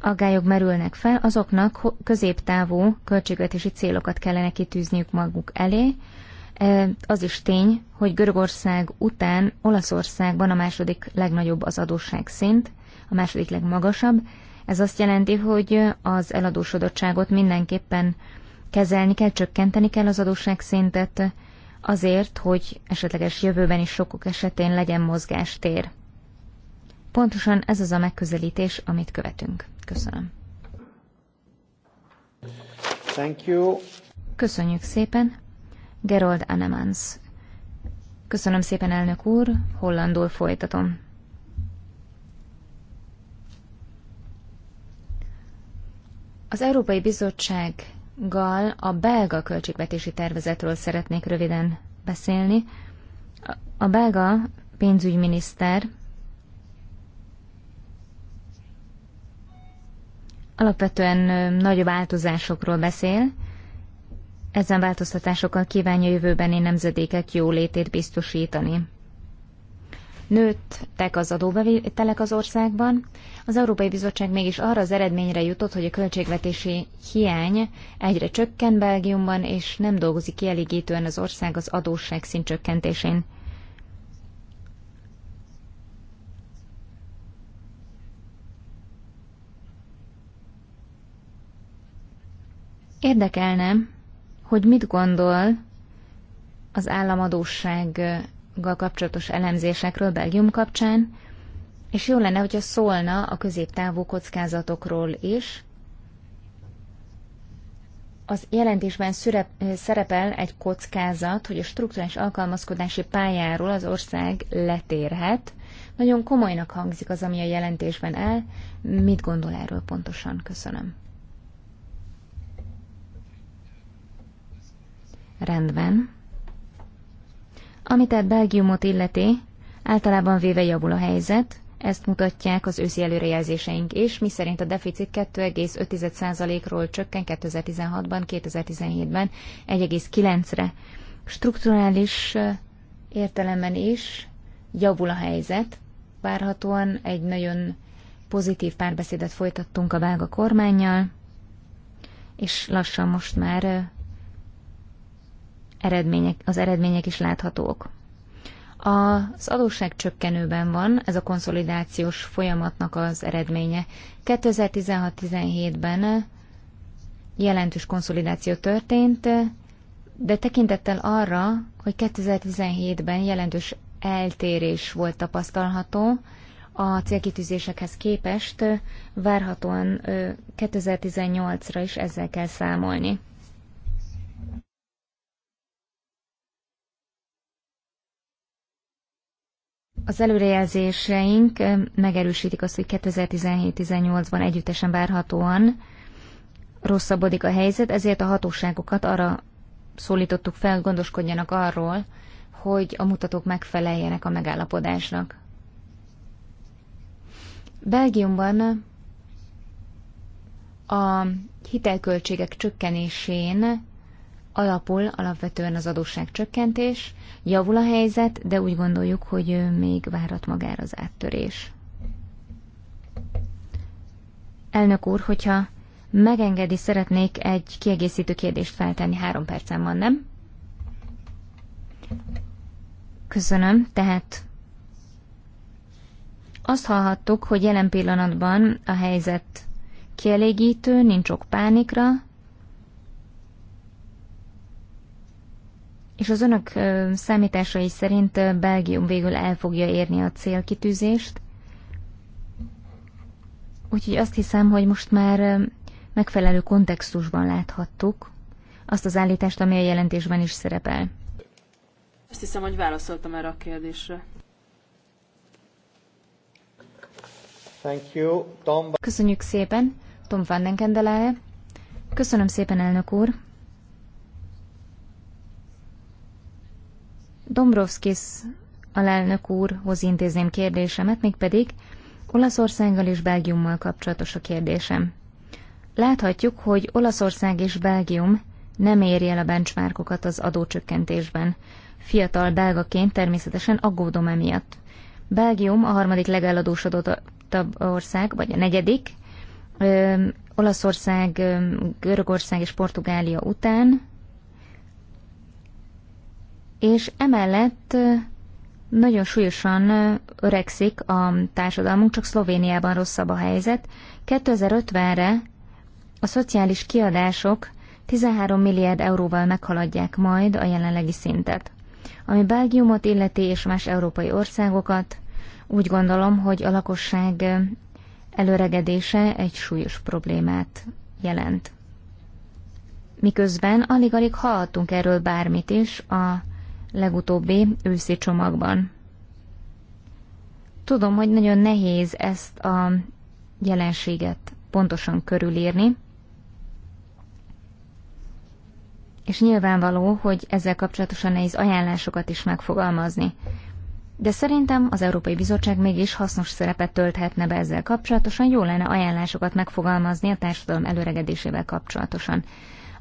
aggályok merülnek fel, azoknak középtávú költségvetési célokat kellene kitűzniük maguk elé. Az is tény, hogy Görögország után Olaszországban a második legnagyobb az adósságszint, a második legmagasabb. Ez azt jelenti, hogy az eladósodottságot mindenképpen kezelni kell, csökkenteni kell az adósságszintet, szintet, azért, hogy esetleges jövőben is sokuk esetén legyen mozgástér. Pontosan ez az a megközelítés, amit követünk. Köszönöm. Thank you. Köszönjük szépen. Gerold Anemans. Köszönöm szépen, elnök úr. Hollandul folytatom. Az Európai Bizottság gal a belga költségvetési tervezetről szeretnék röviden beszélni. A belga pénzügyminiszter alapvetően nagy változásokról beszél, ezen változtatásokkal kívánja jövőbeni nemzedékek jólétét biztosítani nőttek az adóbevételek az országban, az Európai Bizottság mégis arra az eredményre jutott, hogy a költségvetési hiány egyre csökken Belgiumban, és nem dolgozik kielégítően az ország az adósság szint csökkentésén. Érdekelne, hogy mit gondol az államadóság gal kapcsolatos elemzésekről Belgium kapcsán, és jó lenne, hogyha szólna a középtávú kockázatokról is. Az jelentésben szürep, szerepel egy kockázat, hogy a struktúrás alkalmazkodási pályáról az ország letérhet. Nagyon komolynak hangzik az, ami a jelentésben áll. Mit gondol erről pontosan? Köszönöm. Rendben. Ami tehát Belgiumot illeti, általában véve javul a helyzet, ezt mutatják az őszi előrejelzéseink is, miszerint a deficit 2,5%-ról csökken 2016-ban, 2017-ben 1,9-re. Strukturális értelemben is javul a helyzet, várhatóan egy nagyon pozitív párbeszédet folytattunk a belga kormányjal, és lassan most már eredmények, az eredmények is láthatók. Az adósság csökkenőben van, ez a konszolidációs folyamatnak az eredménye. 2016-17-ben jelentős konszolidáció történt, de tekintettel arra, hogy 2017-ben jelentős eltérés volt tapasztalható, a célkitűzésekhez képest várhatóan 2018-ra is ezzel kell számolni. Az előrejelzéseink megerősítik azt, hogy 2017-18-ban együttesen várhatóan rosszabbodik a helyzet, ezért a hatóságokat arra szólítottuk fel, gondoskodjanak arról, hogy a mutatók megfeleljenek a megállapodásnak. Belgiumban a hitelköltségek csökkenésén alapul alapvetően az adósság csökkentés, javul a helyzet, de úgy gondoljuk, hogy még várat magára az áttörés. Elnök úr, hogyha megengedi, szeretnék egy kiegészítő kérdést feltenni, három percen van, nem? Köszönöm, tehát azt hallhattuk, hogy jelen pillanatban a helyzet kielégítő, nincs ok pánikra, És az önök számításai szerint Belgium végül el fogja érni a célkitűzést. Úgyhogy azt hiszem, hogy most már megfelelő kontextusban láthattuk azt az állítást, ami a jelentésben is szerepel. Azt hiszem, hogy válaszoltam erre a kérdésre. Thank you, Tom. Köszönjük szépen, Tom van Köszönöm szépen, elnök úr. Dombrovskis alelnök úrhoz intézném kérdésemet, mégpedig Olaszországgal és Belgiummal kapcsolatos a kérdésem. Láthatjuk, hogy Olaszország és Belgium nem éri el a benchmarkokat az adócsökkentésben. Fiatal belgaként természetesen aggódom emiatt. Belgium a harmadik legeladósodottabb ország, vagy a negyedik, Olaszország, Görögország és Portugália után, és emellett nagyon súlyosan öregszik a társadalmunk, csak Szlovéniában rosszabb a helyzet. 2050-re a szociális kiadások 13 milliárd euróval meghaladják majd a jelenlegi szintet. Ami Belgiumot illeti és más európai országokat, úgy gondolom, hogy a lakosság előregedése egy súlyos problémát jelent. Miközben alig-alig hallhatunk erről bármit is a legutóbbi őszi csomagban. Tudom, hogy nagyon nehéz ezt a jelenséget pontosan körülírni, és nyilvánvaló, hogy ezzel kapcsolatosan nehéz ajánlásokat is megfogalmazni. De szerintem az Európai Bizottság mégis hasznos szerepet tölthetne be ezzel kapcsolatosan, jó lenne ajánlásokat megfogalmazni a társadalom előregedésével kapcsolatosan.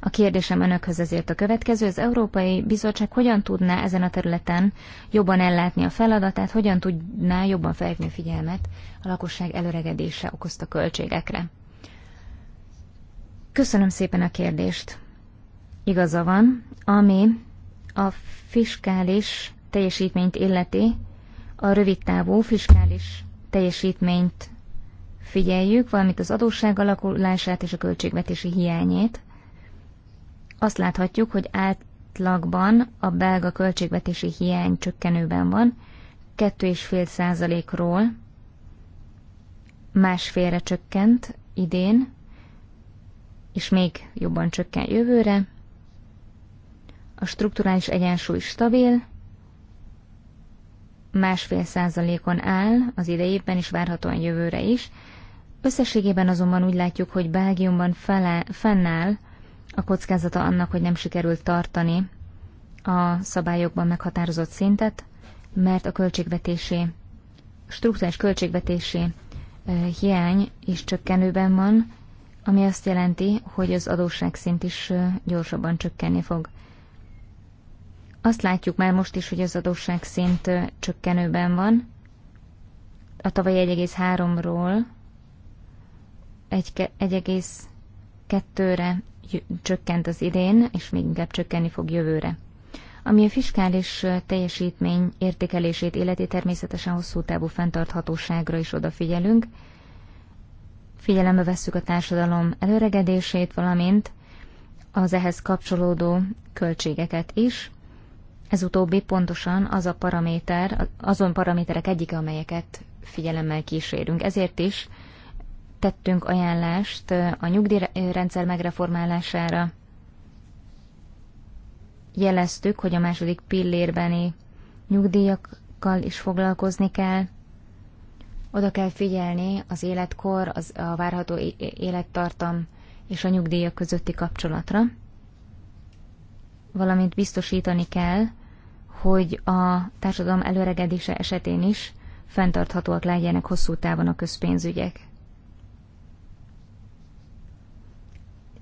A kérdésem önökhöz ezért a következő. Az Európai Bizottság hogyan tudná ezen a területen jobban ellátni a feladatát, hogyan tudná jobban felhívni figyelmet a lakosság előregedése okozta költségekre? Köszönöm szépen a kérdést. Igaza van, ami a fiskális teljesítményt illeti, a rövidtávú fiskális teljesítményt figyeljük, valamint az adósság alakulását és a költségvetési hiányét – azt láthatjuk, hogy átlagban a belga költségvetési hiány csökkenőben van, 2,5 százalékról másfélre csökkent idén, és még jobban csökken jövőre. A strukturális egyensúly stabil, másfél százalékon áll az idejében és várhatóan jövőre is. Összességében azonban úgy látjuk, hogy Belgiumban fele, fennáll a kockázata annak, hogy nem sikerült tartani a szabályokban meghatározott szintet, mert a költségvetési, struktúrás költségvetési hiány is csökkenőben van, ami azt jelenti, hogy az adósságszint is gyorsabban csökkenni fog. Azt látjuk már most is, hogy az adósságszint csökkenőben van. A tavaly 1,3-ról 1,2-re csökkent az idén, és még inkább csökkenni fog jövőre. Ami a fiskális teljesítmény értékelését illeti, természetesen hosszú távú fenntarthatóságra is odafigyelünk. Figyelembe vesszük a társadalom előregedését, valamint az ehhez kapcsolódó költségeket is. Ez utóbbi pontosan az a paraméter, azon paraméterek egyike, amelyeket figyelemmel kísérünk. Ezért is tettünk ajánlást a nyugdíjrendszer megreformálására. Jeleztük, hogy a második pillérbeni nyugdíjakkal is foglalkozni kell. Oda kell figyelni az életkor, az, a várható élettartam és a nyugdíjak közötti kapcsolatra. Valamint biztosítani kell, hogy a társadalom előregedése esetén is fenntarthatóak legyenek hosszú távon a közpénzügyek.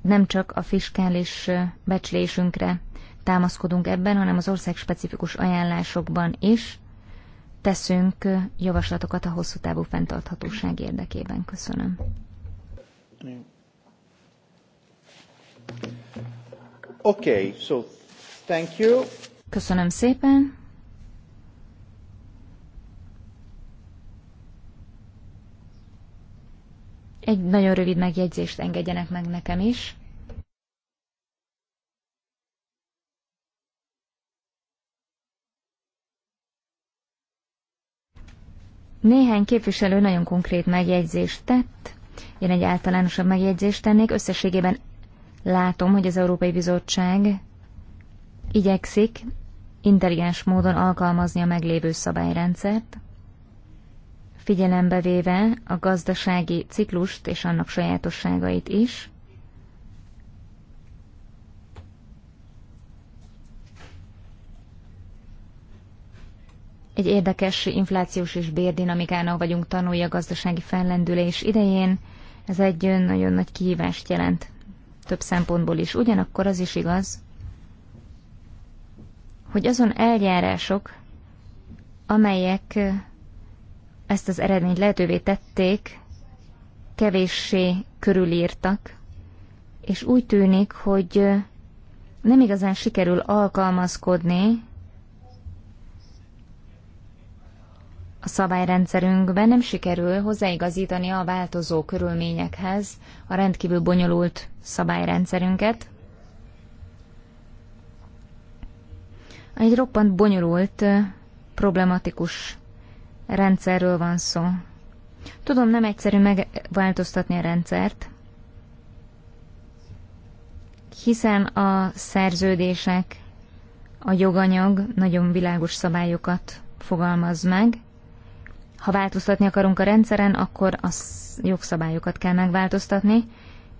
nem csak a fiskális becslésünkre támaszkodunk ebben, hanem az ország specifikus ajánlásokban is teszünk javaslatokat a hosszú távú fenntarthatóság érdekében. Köszönöm. Okay, so thank you. Köszönöm szépen. Egy nagyon rövid megjegyzést engedjenek meg nekem is. Néhány képviselő nagyon konkrét megjegyzést tett, én egy általánosabb megjegyzést tennék. Összességében látom, hogy az Európai Bizottság igyekszik intelligens módon alkalmazni a meglévő szabályrendszert, figyelembe véve a gazdasági ciklust és annak sajátosságait is. Egy érdekes inflációs és bérdinamikának vagyunk tanulja a gazdasági fellendülés idején. Ez egy nagyon nagy kihívást jelent több szempontból is. Ugyanakkor az is igaz, hogy azon eljárások, amelyek ezt az eredményt lehetővé tették, kevéssé körülírtak, és úgy tűnik, hogy nem igazán sikerül alkalmazkodni a szabályrendszerünkben, nem sikerül hozzáigazítani a változó körülményekhez a rendkívül bonyolult szabályrendszerünket. Egy roppant bonyolult, problematikus rendszerről van szó. Tudom, nem egyszerű megváltoztatni a rendszert, hiszen a szerződések, a joganyag nagyon világos szabályokat fogalmaz meg. Ha változtatni akarunk a rendszeren, akkor a jogszabályokat kell megváltoztatni,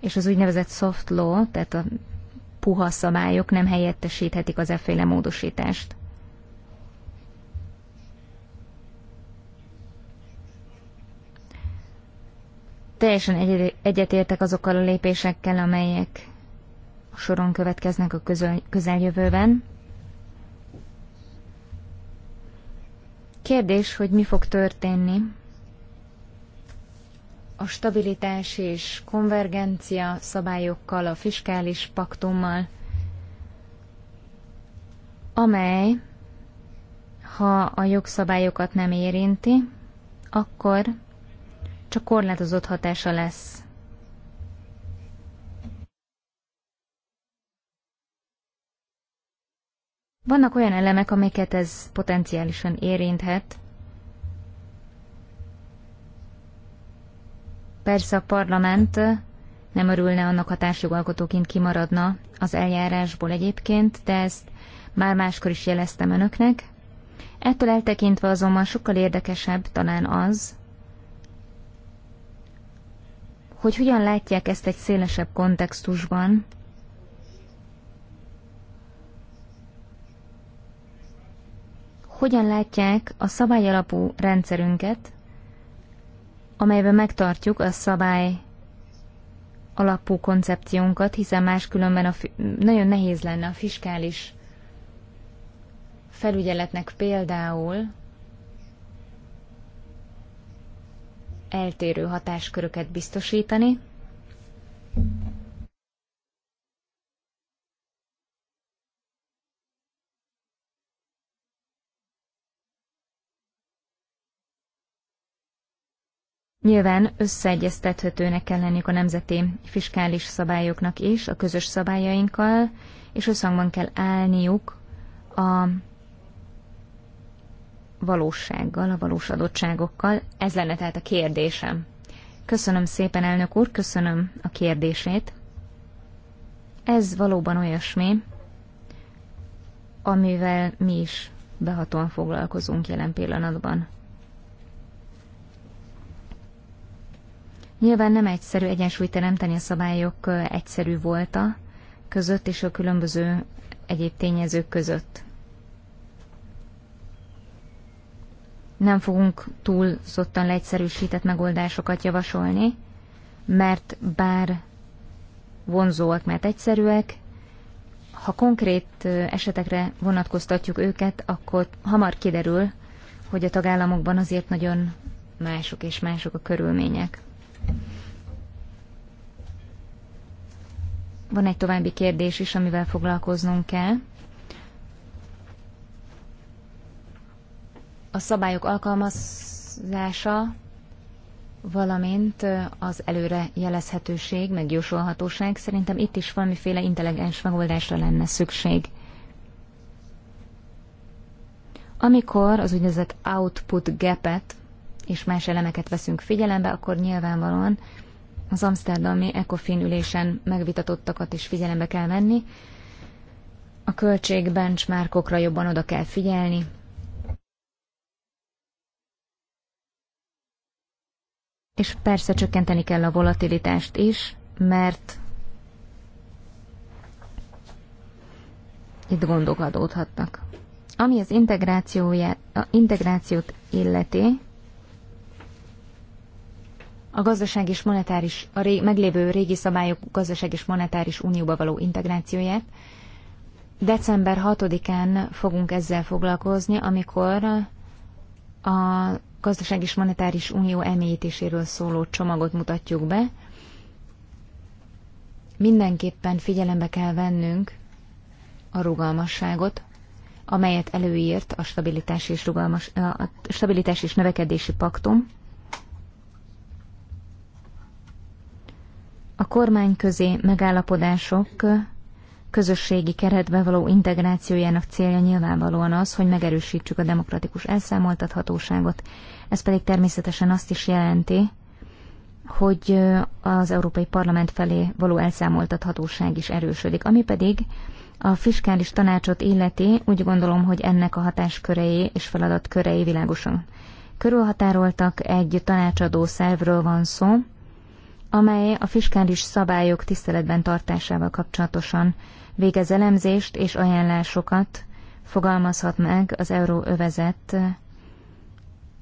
és az úgynevezett soft law, tehát a puha szabályok nem helyettesíthetik az efféle módosítást. Teljesen egy- egyetértek azokkal a lépésekkel, amelyek soron következnek a közöl- közeljövőben. Kérdés, hogy mi fog történni a stabilitás és konvergencia szabályokkal, a fiskális paktummal, amely, ha a jogszabályokat nem érinti, akkor csak korlátozott hatása lesz. Vannak olyan elemek, amiket ez potenciálisan érinthet. Persze a parlament nem örülne annak, ha társjogalkotóként kimaradna az eljárásból egyébként, de ezt már máskor is jeleztem önöknek. Ettől eltekintve azonban sokkal érdekesebb talán az, hogy hogyan látják ezt egy szélesebb kontextusban. Hogyan látják a szabályalapú rendszerünket, amelyben megtartjuk a szabály alapú koncepciónkat, hiszen máskülönben a nagyon nehéz lenne a fiskális felügyeletnek például eltérő hatásköröket biztosítani. Nyilván összeegyeztethetőnek kell lenniük a nemzeti fiskális szabályoknak is, a közös szabályainkkal, és összhangban kell állniuk a valósággal, a valós adottságokkal? Ez lenne tehát a kérdésem. Köszönöm szépen, elnök úr, köszönöm a kérdését. Ez valóban olyasmi, amivel mi is behatóan foglalkozunk jelen pillanatban. Nyilván nem egyszerű egyensúlyt teremteni a szabályok egyszerű volta között és a különböző egyéb tényezők között. nem fogunk túlzottan leegyszerűsített megoldásokat javasolni, mert bár vonzóak, mert egyszerűek, ha konkrét esetekre vonatkoztatjuk őket, akkor hamar kiderül, hogy a tagállamokban azért nagyon mások és mások a körülmények. Van egy további kérdés is, amivel foglalkoznunk kell. a szabályok alkalmazása, valamint az előre jelezhetőség, jósolhatóság, szerintem itt is valamiféle intelligens megoldásra lenne szükség. Amikor az úgynevezett output gapet és más elemeket veszünk figyelembe, akkor nyilvánvalóan az Amsterdami ECOFIN ülésen megvitatottakat is figyelembe kell venni, a költség benchmarkokra jobban oda kell figyelni, És persze csökkenteni kell a volatilitást is, mert itt gondok adódhatnak. Ami az integrációját, integrációt illeti, a gazdaság és monetáris, a ré, meglévő régi szabályok gazdaság és monetáris unióba való integrációját. December 6-án fogunk ezzel foglalkozni, amikor a gazdaság és monetáris unió emélyítéséről szóló csomagot mutatjuk be. Mindenképpen figyelembe kell vennünk a rugalmasságot, amelyet előírt a stabilitás és, rugalmas, a stabilitás és növekedési paktum. A kormányközi megállapodások közösségi keretbe való integrációjának célja nyilvánvalóan az, hogy megerősítsük a demokratikus elszámoltathatóságot. Ez pedig természetesen azt is jelenti, hogy az Európai Parlament felé való elszámoltathatóság is erősödik. Ami pedig a fiskális tanácsot illeti, úgy gondolom, hogy ennek a hatáskörei és feladatkörei világosan körülhatároltak. Egy tanácsadó szervről van szó, amely a fiskális szabályok tiszteletben tartásával kapcsolatosan végez elemzést és ajánlásokat fogalmazhat meg az euróövezet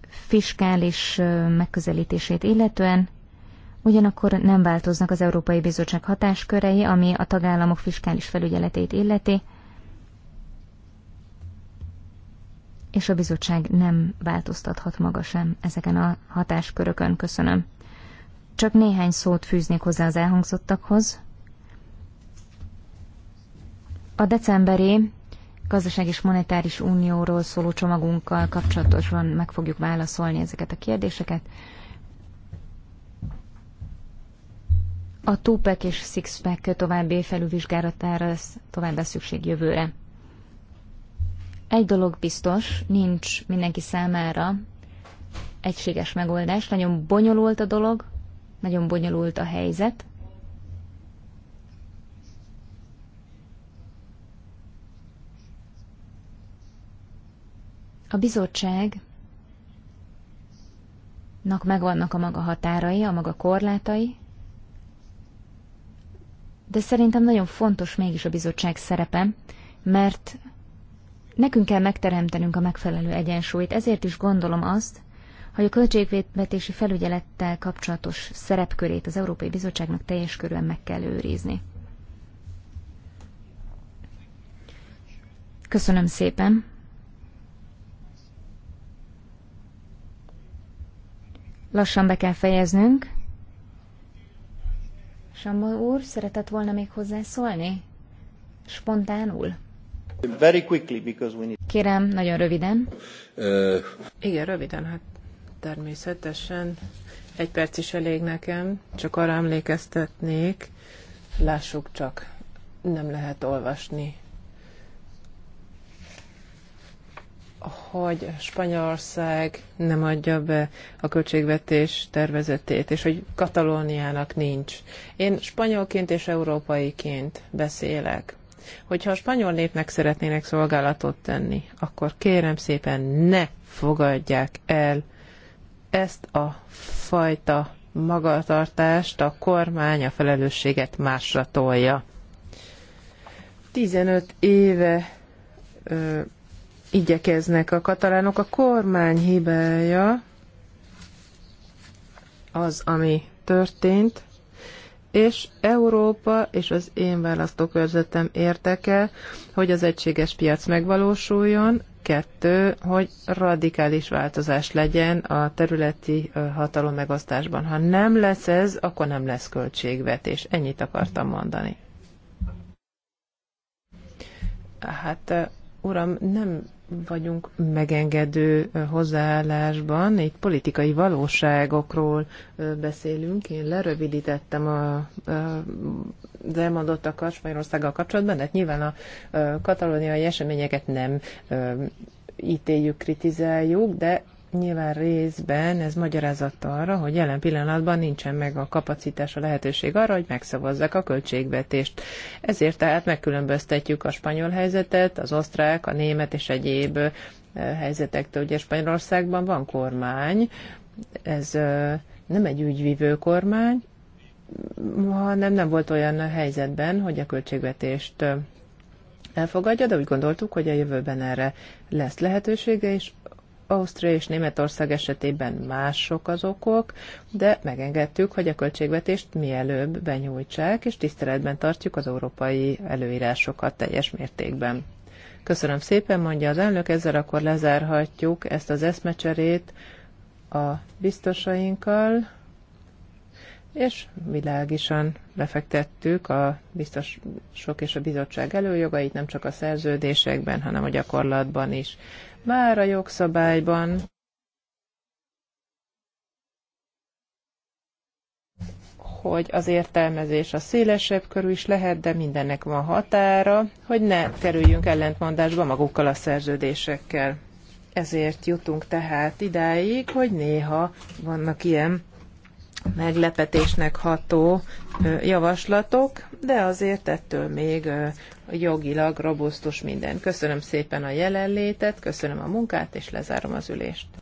fiskális megközelítését illetően, ugyanakkor nem változnak az Európai Bizottság hatáskörei, ami a tagállamok fiskális felügyeletét illeti, és a bizottság nem változtathat maga sem ezeken a hatáskörökön. Köszönöm. Csak néhány szót fűznék hozzá az elhangzottakhoz. A decemberi gazdaság és monetáris unióról szóló csomagunkkal kapcsolatosan meg fogjuk válaszolni ezeket a kérdéseket. A Tupek és Sixpack további felülvizsgálatára lesz továbbá szükség jövőre. Egy dolog biztos, nincs mindenki számára egységes megoldás. Nagyon bonyolult a dolog, nagyon bonyolult a helyzet. A bizottságnak megvannak a maga határai, a maga korlátai, de szerintem nagyon fontos mégis a bizottság szerepe, mert nekünk kell megteremtenünk a megfelelő egyensúlyt, ezért is gondolom azt, hogy a költségvetési felügyelettel kapcsolatos szerepkörét az Európai Bizottságnak teljes körülön meg kell őrizni. Köszönöm szépen! Lassan be kell fejeznünk. Sambon úr, szeretett volna még hozzászólni? Spontánul? Very quickly, because we need... Kérem, nagyon röviden. Uh... Igen, röviden, hát természetesen. Egy perc is elég nekem, csak arra emlékeztetnék. Lássuk csak, nem lehet olvasni hogy Spanyolország nem adja be a költségvetés tervezetét, és hogy Katalóniának nincs. Én spanyolként és európaiként beszélek. Hogyha a spanyol népnek szeretnének szolgálatot tenni, akkor kérem szépen ne fogadják el ezt a fajta magatartást, a kormány a felelősséget másra tolja. 15 éve ö, igyekeznek a katalánok. A kormány hibája az, ami történt, és Európa és az én választókörzetem érdeke, hogy az egységes piac megvalósuljon, kettő, hogy radikális változás legyen a területi hatalom megosztásban. Ha nem lesz ez, akkor nem lesz költségvetés. Ennyit akartam mondani. Hát, uram, nem vagyunk megengedő hozzáállásban, itt politikai valóságokról beszélünk. Én lerövidítettem a, az elmondottakat Spanyolországgal kapcsolatban, de hát nyilván a katalóniai eseményeket nem ítéljük, kritizáljuk, de Nyilván részben ez magyarázatta arra, hogy jelen pillanatban nincsen meg a kapacitás, a lehetőség arra, hogy megszavazzák a költségvetést. Ezért tehát megkülönböztetjük a spanyol helyzetet, az osztrák, a német és egyéb helyzetektől. Ugye Spanyolországban van kormány, ez nem egy ügyvívő kormány, hanem nem volt olyan helyzetben, hogy a költségvetést elfogadja, de úgy gondoltuk, hogy a jövőben erre lesz lehetősége, és Ausztria és Németország esetében mások az okok, de megengedtük, hogy a költségvetést mielőbb benyújtsák, és tiszteletben tartjuk az európai előírásokat teljes mértékben. Köszönöm szépen, mondja az elnök, ezzel akkor lezárhatjuk ezt az eszmecserét a biztosainkkal, és világisan lefektettük a biztosok és a bizottság előjogait, nem csak a szerződésekben, hanem a gyakorlatban is már a jogszabályban. hogy az értelmezés a szélesebb körül is lehet, de mindennek van határa, hogy ne kerüljünk ellentmondásba magukkal a szerződésekkel. Ezért jutunk tehát idáig, hogy néha vannak ilyen meglepetésnek ható javaslatok, de azért ettől még jogilag robusztus minden. Köszönöm szépen a jelenlétet, köszönöm a munkát, és lezárom az ülést.